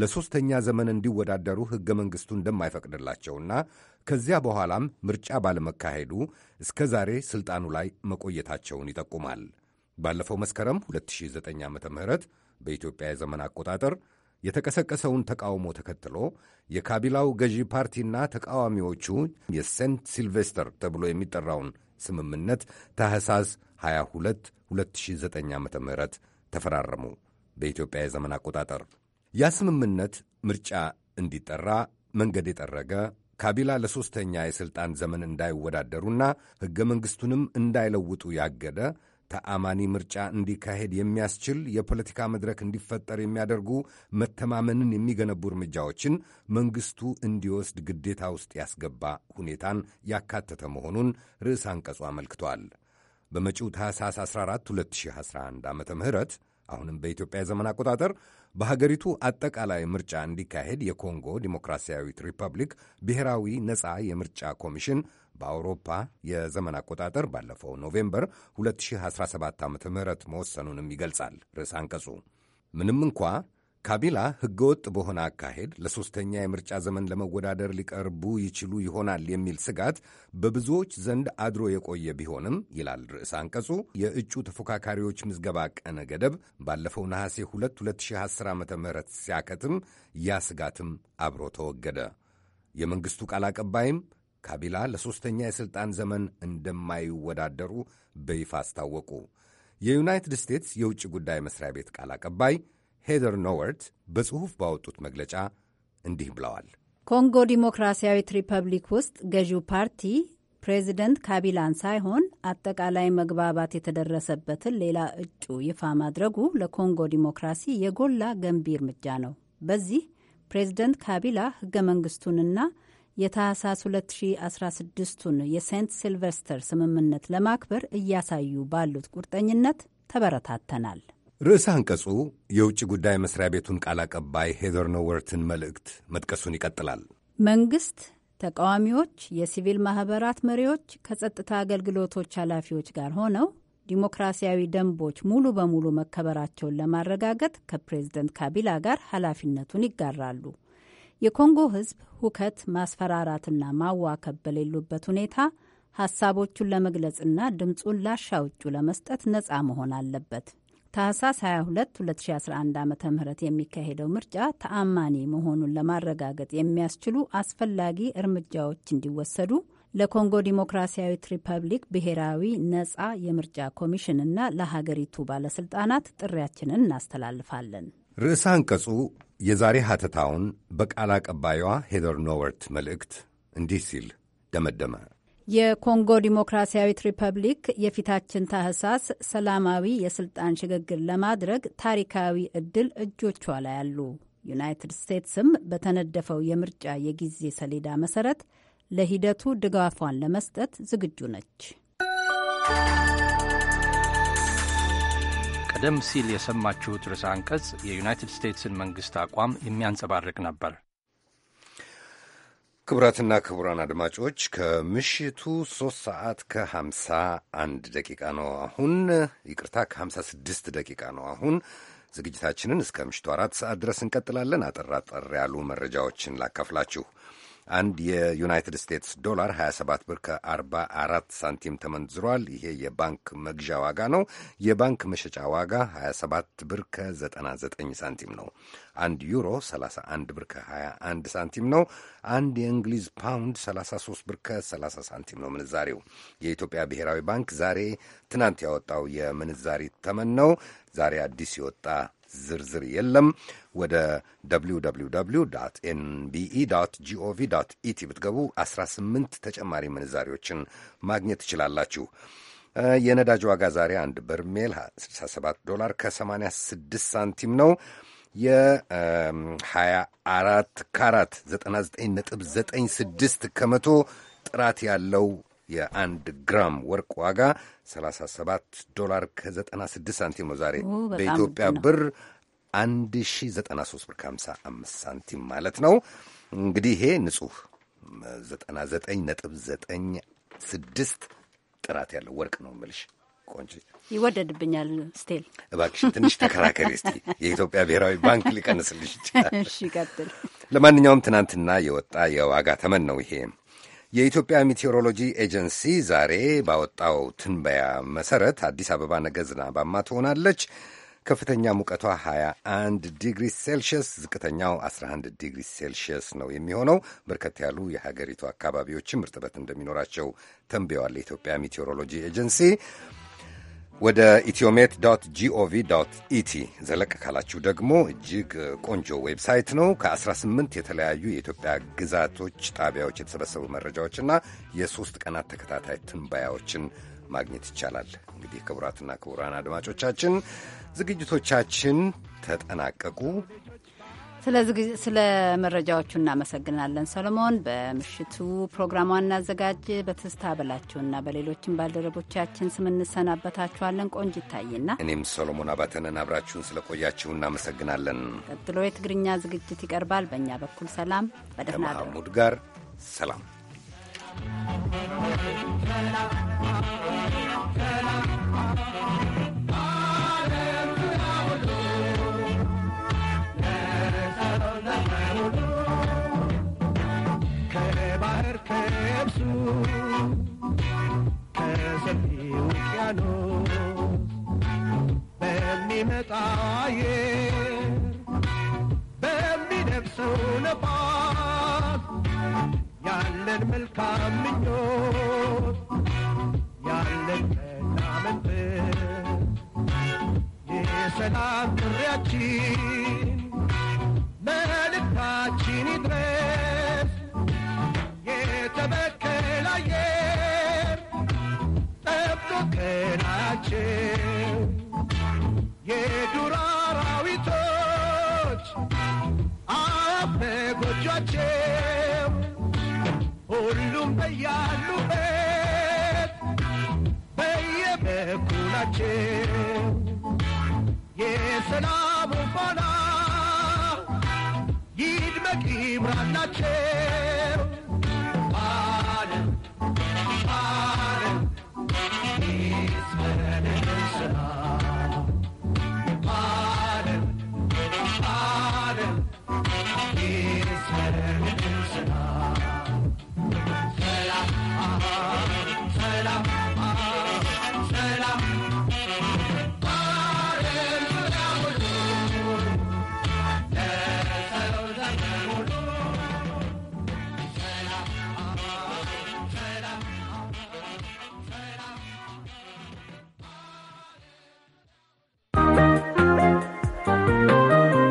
ለሦስተኛ ዘመን እንዲወዳደሩ ሕገ መንግሥቱ እንደማይፈቅድላቸውና ከዚያ በኋላም ምርጫ ባለመካሄዱ እስከ ዛሬ ሥልጣኑ ላይ መቆየታቸውን ይጠቁማል። ባለፈው መስከረም 2009 ዓ ም በኢትዮጵያ የዘመን አቆጣጠር የተቀሰቀሰውን ተቃውሞ ተከትሎ የካቢላው ገዢ ፓርቲና ተቃዋሚዎቹ የሴንት ሲልቬስተር ተብሎ የሚጠራውን ስምምነት ታህሳስ 22 2009 ዓ ም ተፈራረሙ። በኢትዮጵያ የዘመን አቆጣጠር ያ ስምምነት ምርጫ እንዲጠራ መንገድ የጠረገ ካቢላ ለሦስተኛ የሥልጣን ዘመን እንዳይወዳደሩና ሕገ መንግሥቱንም እንዳይለውጡ ያገደ ተአማኒ ምርጫ እንዲካሄድ የሚያስችል የፖለቲካ መድረክ እንዲፈጠር የሚያደርጉ መተማመንን የሚገነቡ እርምጃዎችን መንግሥቱ እንዲወስድ ግዴታ ውስጥ ያስገባ ሁኔታን ያካተተ መሆኑን ርዕስ አንቀጹ አመልክቷል። በመጪው ታህሳስ 14 2011 ዓ ም አሁንም በኢትዮጵያ የዘመን አቆጣጠር በሀገሪቱ አጠቃላይ ምርጫ እንዲካሄድ የኮንጎ ዲሞክራሲያዊት ሪፐብሊክ ብሔራዊ ነፃ የምርጫ ኮሚሽን በአውሮፓ የዘመን አቆጣጠር ባለፈው ኖቬምበር 2017 ዓ ም መወሰኑንም ይገልጻል ርዕስ አንቀጹ ምንም እንኳ ካቢላ ሕገወጥ በሆነ አካሄድ ለሦስተኛ የምርጫ ዘመን ለመወዳደር ሊቀርቡ ይችሉ ይሆናል የሚል ስጋት በብዙዎች ዘንድ አድሮ የቆየ ቢሆንም ይላል ርዕስ አንቀጹ፣ የእጩ ተፎካካሪዎች ምዝገባ ቀነ ገደብ ባለፈው ነሐሴ 2 2010 ዓ ም ሲያከትም ያ ስጋትም አብሮ ተወገደ። የመንግሥቱ ቃል አቀባይም ካቢላ ለሦስተኛ የሥልጣን ዘመን እንደማይወዳደሩ በይፋ አስታወቁ። የዩናይትድ ስቴትስ የውጭ ጉዳይ መሥሪያ ቤት ቃል አቀባይ ሄደር ኖወርት በጽሑፍ ባወጡት መግለጫ እንዲህ ብለዋል። ኮንጎ ዲሞክራሲያዊት ሪፐብሊክ ውስጥ ገዢው ፓርቲ ፕሬዚደንት ካቢላን ሳይሆን አጠቃላይ መግባባት የተደረሰበትን ሌላ እጩ ይፋ ማድረጉ ለኮንጎ ዲሞክራሲ የጎላ ገንቢ እርምጃ ነው። በዚህ ፕሬዚደንት ካቢላ ህገ መንግስቱንና የታህሳስ 2016ቱን የሴንት ሲልቨስተር ስምምነት ለማክበር እያሳዩ ባሉት ቁርጠኝነት ተበረታተናል። ርዕሰ አንቀጹ የውጭ ጉዳይ መስሪያ ቤቱን ቃል አቀባይ ሄዘር ኖወርትን መልእክት መጥቀሱን ይቀጥላል። መንግስት፣ ተቃዋሚዎች፣ የሲቪል ማህበራት መሪዎች ከጸጥታ አገልግሎቶች ኃላፊዎች ጋር ሆነው ዲሞክራሲያዊ ደንቦች ሙሉ በሙሉ መከበራቸውን ለማረጋገጥ ከፕሬዝደንት ካቢላ ጋር ኃላፊነቱን ይጋራሉ። የኮንጎ ህዝብ ሁከት፣ ማስፈራራትና ማዋከብ በሌሉበት ሁኔታ ሀሳቦቹን ለመግለጽና ድምፁን ላሻውጩ ለመስጠት ነፃ መሆን አለበት። ታህሳስ 22 2011 ዓ ም የሚካሄደው ምርጫ ተአማኒ መሆኑን ለማረጋገጥ የሚያስችሉ አስፈላጊ እርምጃዎች እንዲወሰዱ ለኮንጎ ዲሞክራሲያዊት ሪፐብሊክ ብሔራዊ ነጻ የምርጫ ኮሚሽንና ለሀገሪቱ ባለስልጣናት ጥሪያችንን እናስተላልፋለን። ርዕሰ አንቀጹ የዛሬ ሐተታውን በቃል አቀባዩዋ ሄደር ኖወርት መልእክት እንዲህ ሲል ደመደመ። የኮንጎ ዲሞክራሲያዊት ሪፐብሊክ የፊታችን ታህሳስ ሰላማዊ የስልጣን ሽግግር ለማድረግ ታሪካዊ እድል እጆቿ ላይ አሉ። ዩናይትድ ስቴትስም በተነደፈው የምርጫ የጊዜ ሰሌዳ መሰረት ለሂደቱ ድጋፏን ለመስጠት ዝግጁ ነች። ቀደም ሲል የሰማችሁት ርዕሰ አንቀጽ የዩናይትድ ስቴትስን መንግስት አቋም የሚያንጸባርቅ ነበር። ክቡራትና ክቡራን አድማጮች ከምሽቱ ሶስት ሰዓት ከሀምሳ አንድ ደቂቃ ነው አሁን ይቅርታ ከሀምሳ ስድስት ደቂቃ ነው አሁን። ዝግጅታችንን እስከ ምሽቱ አራት ሰዓት ድረስ እንቀጥላለን። አጠር አጠር ያሉ መረጃዎችን ላካፍላችሁ። አንድ የዩናይትድ ስቴትስ ዶላር 27 ብር ከ44 ሳንቲም ተመንዝሯል። ይሄ የባንክ መግዣ ዋጋ ነው። የባንክ መሸጫ ዋጋ 27 ብር ከ99 ሳንቲም ነው። አንድ ዩሮ 31 ብር ከ21 ሳንቲም ነው። አንድ የእንግሊዝ ፓውንድ 33 ብር ከ30 ሳንቲም ነው ምንዛሬው። የኢትዮጵያ ብሔራዊ ባንክ ዛሬ ትናንት ያወጣው የምንዛሪ ተመን ነው። ዛሬ አዲስ የወጣ ዝርዝር የለም። ወደ www ኤንቢኢ ጂኦቪ ኢቲ ብትገቡ 18 ተጨማሪ ምንዛሪዎችን ማግኘት ትችላላችሁ። የነዳጅ ዋጋ ዛሬ አንድ በርሜል 67 ዶላር ከ86 ሳንቲም ነው። የ24 ካራት 99.96 ከመቶ ጥራት ያለው የአንድ ግራም ወርቅ ዋጋ 37 ዶላር ከ96 ሳንቲም ነው ዛሬ በኢትዮጵያ ብር 1093 ብር ከ55 ሳንቲም ማለት ነው። እንግዲህ ይሄ ንጹህ 99.96 ጥራት ያለው ወርቅ ነው የምልሽ። ቆንጆ ይወደድብኛል። ስቴል እባክሽን ትንሽ ተከራከሪ እስቲ። የኢትዮጵያ ብሔራዊ ባንክ ሊቀንስልሽ ይችላል። እሺ፣ ቀጥል። ለማንኛውም ትናንትና የወጣ የዋጋ ተመን ነው ይሄ የኢትዮጵያ ሜቴሮሎጂ ኤጀንሲ ዛሬ ባወጣው ትንበያ መሰረት አዲስ አበባ ነገ ዝናባማ ትሆናለች። ከፍተኛ ሙቀቷ 21 ዲግሪ ሴልሽየስ፣ ዝቅተኛው 11 ዲግሪ ሴልሽየስ ነው የሚሆነው። በርከት ያሉ የሀገሪቱ አካባቢዎችም እርጥበት እንደሚኖራቸው ተንብየዋል የኢትዮጵያ ሜቴሮሎጂ ኤጀንሲ። ወደ ኢትዮሜት ዶት ጂኦቪ ዶት ኢቲ ዘለቅ ካላችሁ ደግሞ እጅግ ቆንጆ ዌብሳይት ነው። ከ18 የተለያዩ የኢትዮጵያ ግዛቶች ጣቢያዎች የተሰበሰቡ መረጃዎችና የሶስት ቀናት ተከታታይ ትንባያዎችን ማግኘት ይቻላል። እንግዲህ ክቡራትና ክቡራን አድማጮቻችን ዝግጅቶቻችን ተጠናቀቁ። ስለ መረጃዎቹ እናመሰግናለን ሰሎሞን። በምሽቱ ፕሮግራሟን እናዘጋጅ በትዝታ በላችሁና በሌሎችም ባልደረቦቻችን ስም እንሰናበታችኋለን። ቆንጅ ይታይና እኔም ሰሎሞን አባተነን አብራችሁን ስለቆያችሁ እናመሰግናለን። ቀጥሎ የትግርኛ ዝግጅት ይቀርባል። በእኛ በኩል ሰላም፣ በደህና ጋር ሰላም ሲያለብሱ ከሰፊ ውቅያኖስ በሚመጣ አየር በሚነፍሰው ነፋስ ያለን መልካም ምኞት ያለን መናመንት የሰላም ጥሪያችን መልእክታችን ይድረስ የዱር አራዊቶች አፈ ጎጇቸው ሁሉም በያሉበት በየበኩላቸው የሰላሙ ፋና ይድመቅ ይብራላቸው።